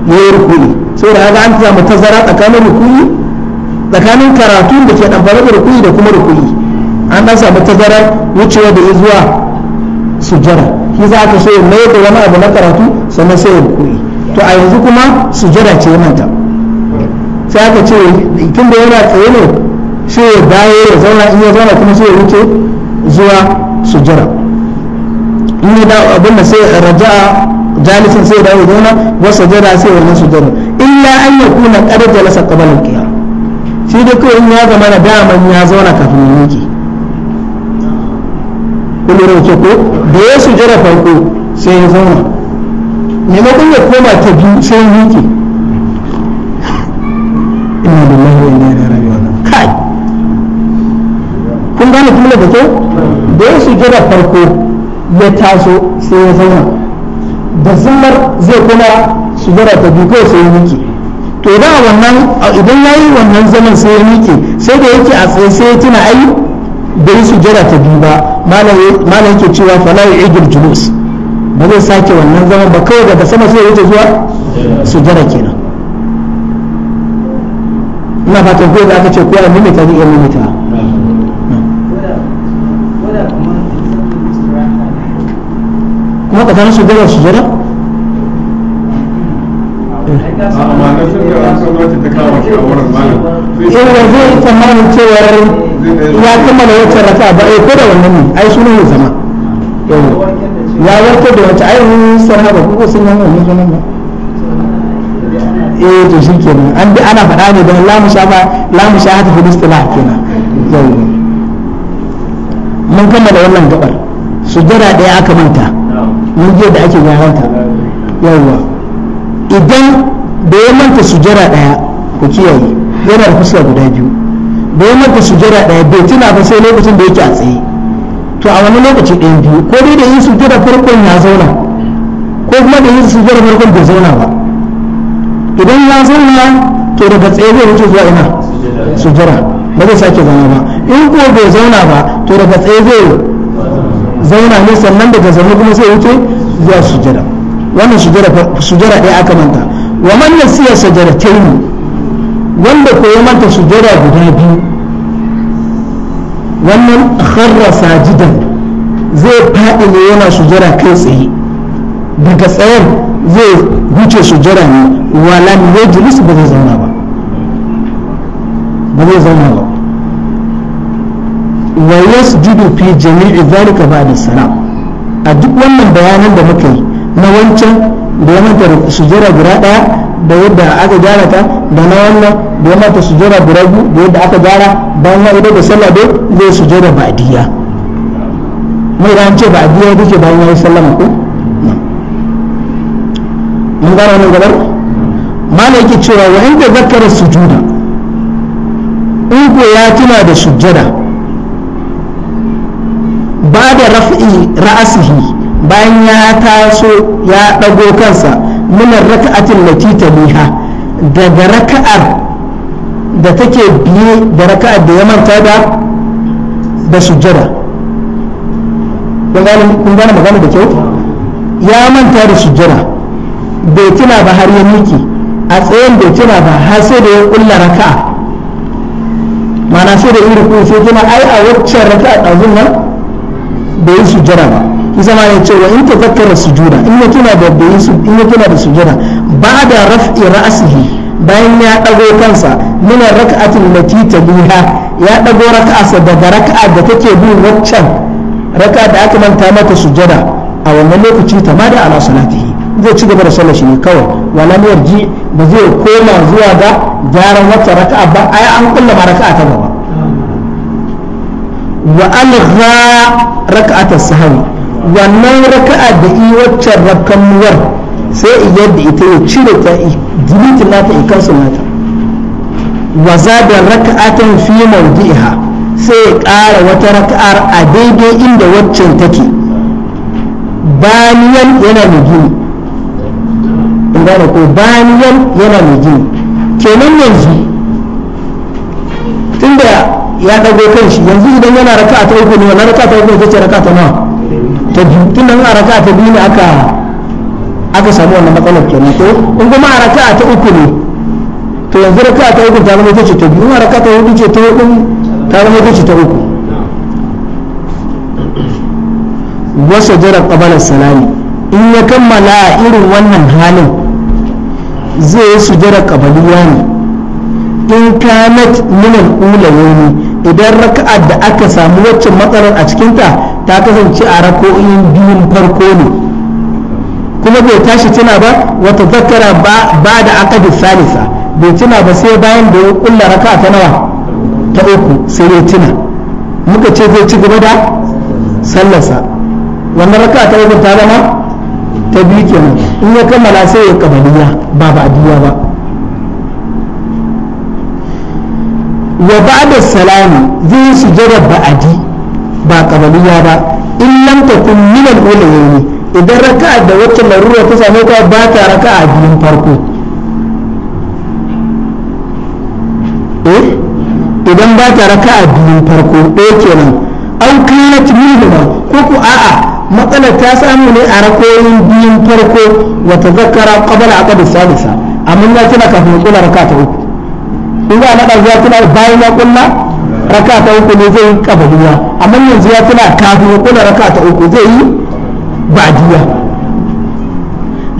ya yi sai da haka an samu tazara tsakanin rukuni tsakanin karatu da ke dan da rukuni da kuma rukuni an dan samu tazara wucewa da zuwa sujada shi za ka so ya mai da wani abu na karatu sannan sai ya koyi to a yanzu kuma jira ce ya manta sai aka ce tun da yana tsaye ne shi ya dawo ya zauna in ya zauna kuma sai ya wuce zuwa su jira in ya dawo abin da sai raja'a jalisin sai ya dawo ya zauna wasu jira sai wani wannan sujada illa an kuna qad jalasa qabla al-qiyam shi da kawai ya zama da daman ya zauna kafin ya wuce kuma rauce ko da ya su jira farko sai ya zauna maimakon ya koma ta biyu sai ya miƙe ina da lahiya ne da rayuwa kai kun gane kuma da kyau da ya su jira farko ya taso sai ya zauna da zimar zai kuma su jira ta biyu kawai sai ya miƙe to da wannan idan ya yi wannan zaman sai ya miƙe sai da yake a tsaye sai ya tuna ayi bai sujjada ta biyu ba malam yake cewa fala yu'idul julus ba zai sake wannan zaman ba kawai daga sama sai wuce zuwa sujjada kenan ina fatan ko da aka ce ko ya mimita zai iya mimita kuma ka tana sujjada sujjada eh, eh zai cewar ya kammala wacce raka ba ai eh, ko da wannan ne ai sunan ya zama eh, ya warkar da wacce ai mun sana ba ko sun yi wannan sunan ba eh to shikenan an bi ana faɗa ne don lamu sha ba lamu sha ta fi istilah kenan mun kammala wannan gabar sujjada ɗaya aka manta mun je da ake gyara ta yawwa idan da ya manta sujjada ɗaya ku kiyaye yana da fuska guda biyu da ya mata sujada ɗaya bai tuna ba sai lokacin da yake a tsaye to a wani lokaci ɗayan biyu ko dai da yin sujada farkon ya zauna ko kuma da yin sujada farkon bai zauna ba idan ya zauna to daga tsaye zai wuce zuwa ina sujada ba zai sake zama ba in ko bai zauna ba to daga tsaye zai zauna ne sannan daga zaune kuma sai wuce zuwa sujada wannan sujada ɗaya aka manta wa man nasiya sajadatayn ko ya manta sujada guda biyu wannan kharra sajidan zai faɗi ne yana su jira kai tsaye daga tsayar zai wuce jira ne ne walan yajlis ba zai zauna ba ba zai zauna ba wa yasjudu fi jami'i dhalika ba'da salam a duk wannan bayanan da muka yi na wancan da ya manta sujada guda ɗaya da yadda aka gyara ta da na wannan da ya mata sujera guda biyu da yadda aka gyara bayan ya ido da sallah dai zai sujjada ba'adiyya. mai da an ce da duke bayan ya yi sallama ko mun gara wani gabar malai yake cewa wa inda zakarar sujuda in ko ya tuna da sujera ba da raf'i ra'asihi bayan ya taso ya dago kansa min raka'atin latita liha daga raka'ar da take biye da raka'ar da ya manta da da sujjada kun gane magana da kyau ya manta da sujjada bai tuna ba har ya miki a tsayin bai tuna ba har sai da ya kulla raka'a mana sai da iri kuma sai tuna ai a waccan raka'a ɗazun nan bai yi sujjada ba kisa ma ne cewa in ta zakkara sujjada in ya tuna da sujjada ba da raf'i ra'asihi bayan ya ɗago kansa minar raka'atin lati taliha ya ɗago raka'arsa daga raka'a da take bi waccan raka'a da aka manta mata sujada a wannan lokaci ta ma da ala salatihi zai ci gaba da sallar shi ne kawai walam yarji ba zai koma zuwa ga gyaran wata raka'a ba ai an kulla ma raka'a ta gaba wa algha ta sahwi wannan raka'a da i waccan rakkamuwar sai yadda ita ya cire ta dilitin nata ya kansu nata wa zada raka'atan fi mawdi'iha sai ya ƙara wata raka'ar a daidai inda waccan take baniyan yana mai gini in gane ko baniyan yana mai gini kenan yanzu tunda ya ɗago kan shi yanzu idan yana raka'a ta uku ne wannan raka'a ta uku ne ta ce raka'a ta nawa ta biyu tunda in a raka'a ta biyu ne aka aka samu wannan matsalar kenan ko in kuma a raka'a ta uku ne to yanzu raka'a ta uku ta zama ita ce ta biyu a raka'a ta hudu ce ta hudu ta zama ita ce ta uku wasu jira ƙabalar salami in ya kammala a irin wannan halin zai yi jira kabaliya ne in kanat minan ulayoni idan raka da aka samu wacce matsalar a cikinta ta kasance a rako'in biyun farko ne kuma bai tashi tuna ba wata zakara ba da aqdi salisa bai tuna ba sai bayan da ya kulla raka ta nawa ta uku sai ya tuna muka ce zai ci gaba da sallasa wannan raka ta uku ta zama ta biyu kenan in ya kammala sai ya kabaliya ba ba adiya ba wa da salami zai sujada ba'adi ba kabaliya ba in lam takun min al idan raka da wacce larura ta same ka ba ta a biyun farko Eh, idan ba ta a biyun farko ɗaya kenan an kanat da ko ku a'a matsalar ta samu ne a rakoyin biyun farko wata zakara qabala aqad salisa amma na tana kafin ya kula raka ta uku in za a naɗa zuwa tana bayan ya kula raka ta uku ne zai yi amma yanzu ya tana kafin ya kula raka ta uku zai yi ba'diyya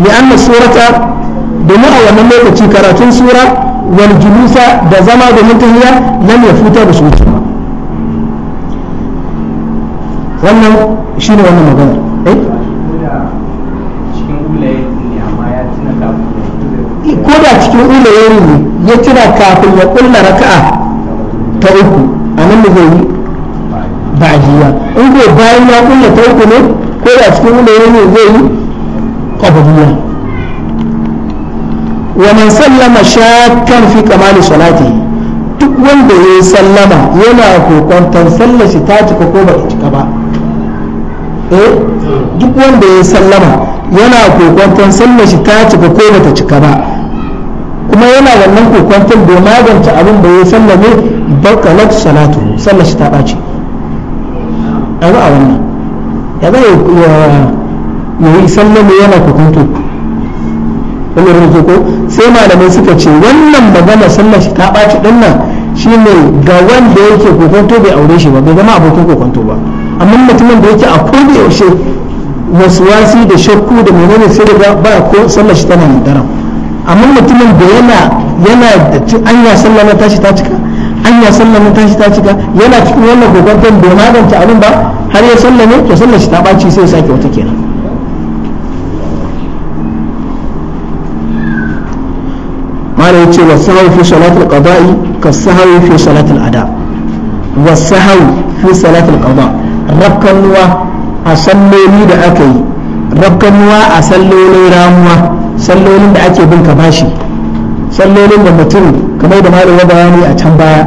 li'anna surata domin a wannan lokaci karatun sura wal julusa da zama da mutuniya lam yafuta da su wannan shine wannan magana eh ko da cikin ulayeri ne ya tuna kafin ya kulla raka'a ta uku a nan da zai yi ba'diya in ko bayan ya kulla ta uku ne ko da cikin wanda ya ne zai yi qabliya wa man sallama shakkan fi kamali salati duk wanda ya yi sallama yana kokon sallar shi ta cika ko ba ta cika ba eh duk wanda ya sallama yana kokwanton sallar shi ta cika ko ta cika ba kuma yana wannan kokwanton da magance abin da ya sallame bakalat salatu sallashi ta ɓaci a a wannan ya zai ya ya yi sallama yana kukuntu wani rufe ko sai malamai suka ce wannan magana sallar shi ta ɓaci ɗin nan shi ne ga wanda yake kukuntu bai aure shi ba bai zama abokin kukuntu ba amma mutumin da yake a koda yaushe wasi da shakku da menene sai da ba ko sallar shi tana madaran amma mutumin da yana yana da anya sallar na tashi ta cika anya sallar na tashi ta cika yana cikin wannan kokonton bai magance abin ba har ya sallame to sallar shi ta ɓaci sai ya sake wata kenan mala ce wa sahawi fi salatul qada'i ka sahawi fi salatul ada wa sahawi fi salatul qada rakkanuwa a salloli da aka yi rakkanuwa a sallolin ramuwa sallolin da ake bin ka bashi sallolin da mutum kamar da malam ya bayani a can baya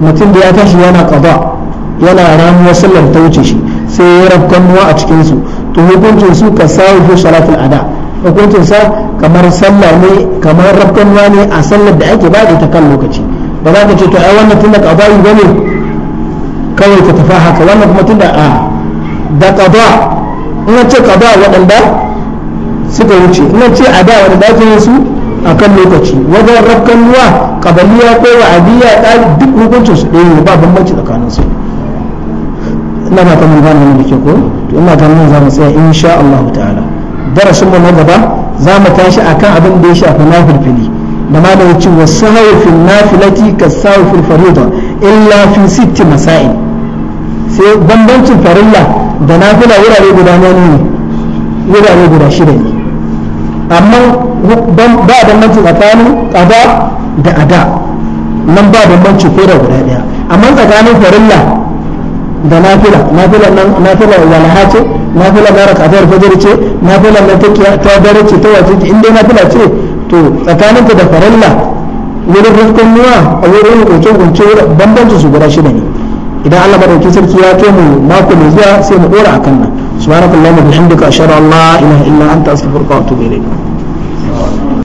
mutum da ya tashi yana qada' yana ramu sallar ta wuce shi sai ya rabkan nuwa a cikinsu to hukuncin su ka sawu fi salatul ada hukuncin sa kamar sallah ne kamar rabkan nuwa ne a sallar da ake ba da ta kan lokaci ba za ka ce to ai wannan da kaba yi bane kawai ka tafi haka wannan kuma da a da kaba in ce kaba waɗanda suka wuce in ce da waɗanda ake yin su a kan lokaci wajen rafkan ruwa kabaliya ko wa'adiyya duk hukuncin su ɗaya ba bambanci tsakanin su ina ba ta mun gane da ke ko to ina ganin za mu tsaya insha Allah ta'ala darasin mu na gaba za mu tashi akan abin da ya shafi nafilfili da ma da wuce wasu haifin nafilati ka fil fariida illa fi sitti masa'il sai bambancin farilla da nafila wurare guda ne wurare guda shida ne amma ba bambanci tsakanin qada da ada nan ba bambanci ko da guda daya amma tsakanin farilla da nafila nafilan nan nafila walha ce nafila na rak'atul fajr ce nafila na takiya ta dare ce ta wajibi in dai nafila ce to tsakaninta da farilla wurin rufkun nuwa a wurin kunce kunce bambanci su guda shida ne idan Allah madauki sarki ya kai mu mako mai zuwa sai mu dora akan nan subhanakallahumma bihamdika ashhadu an la ilaha illa anta astaghfiruka wa atubu ilayk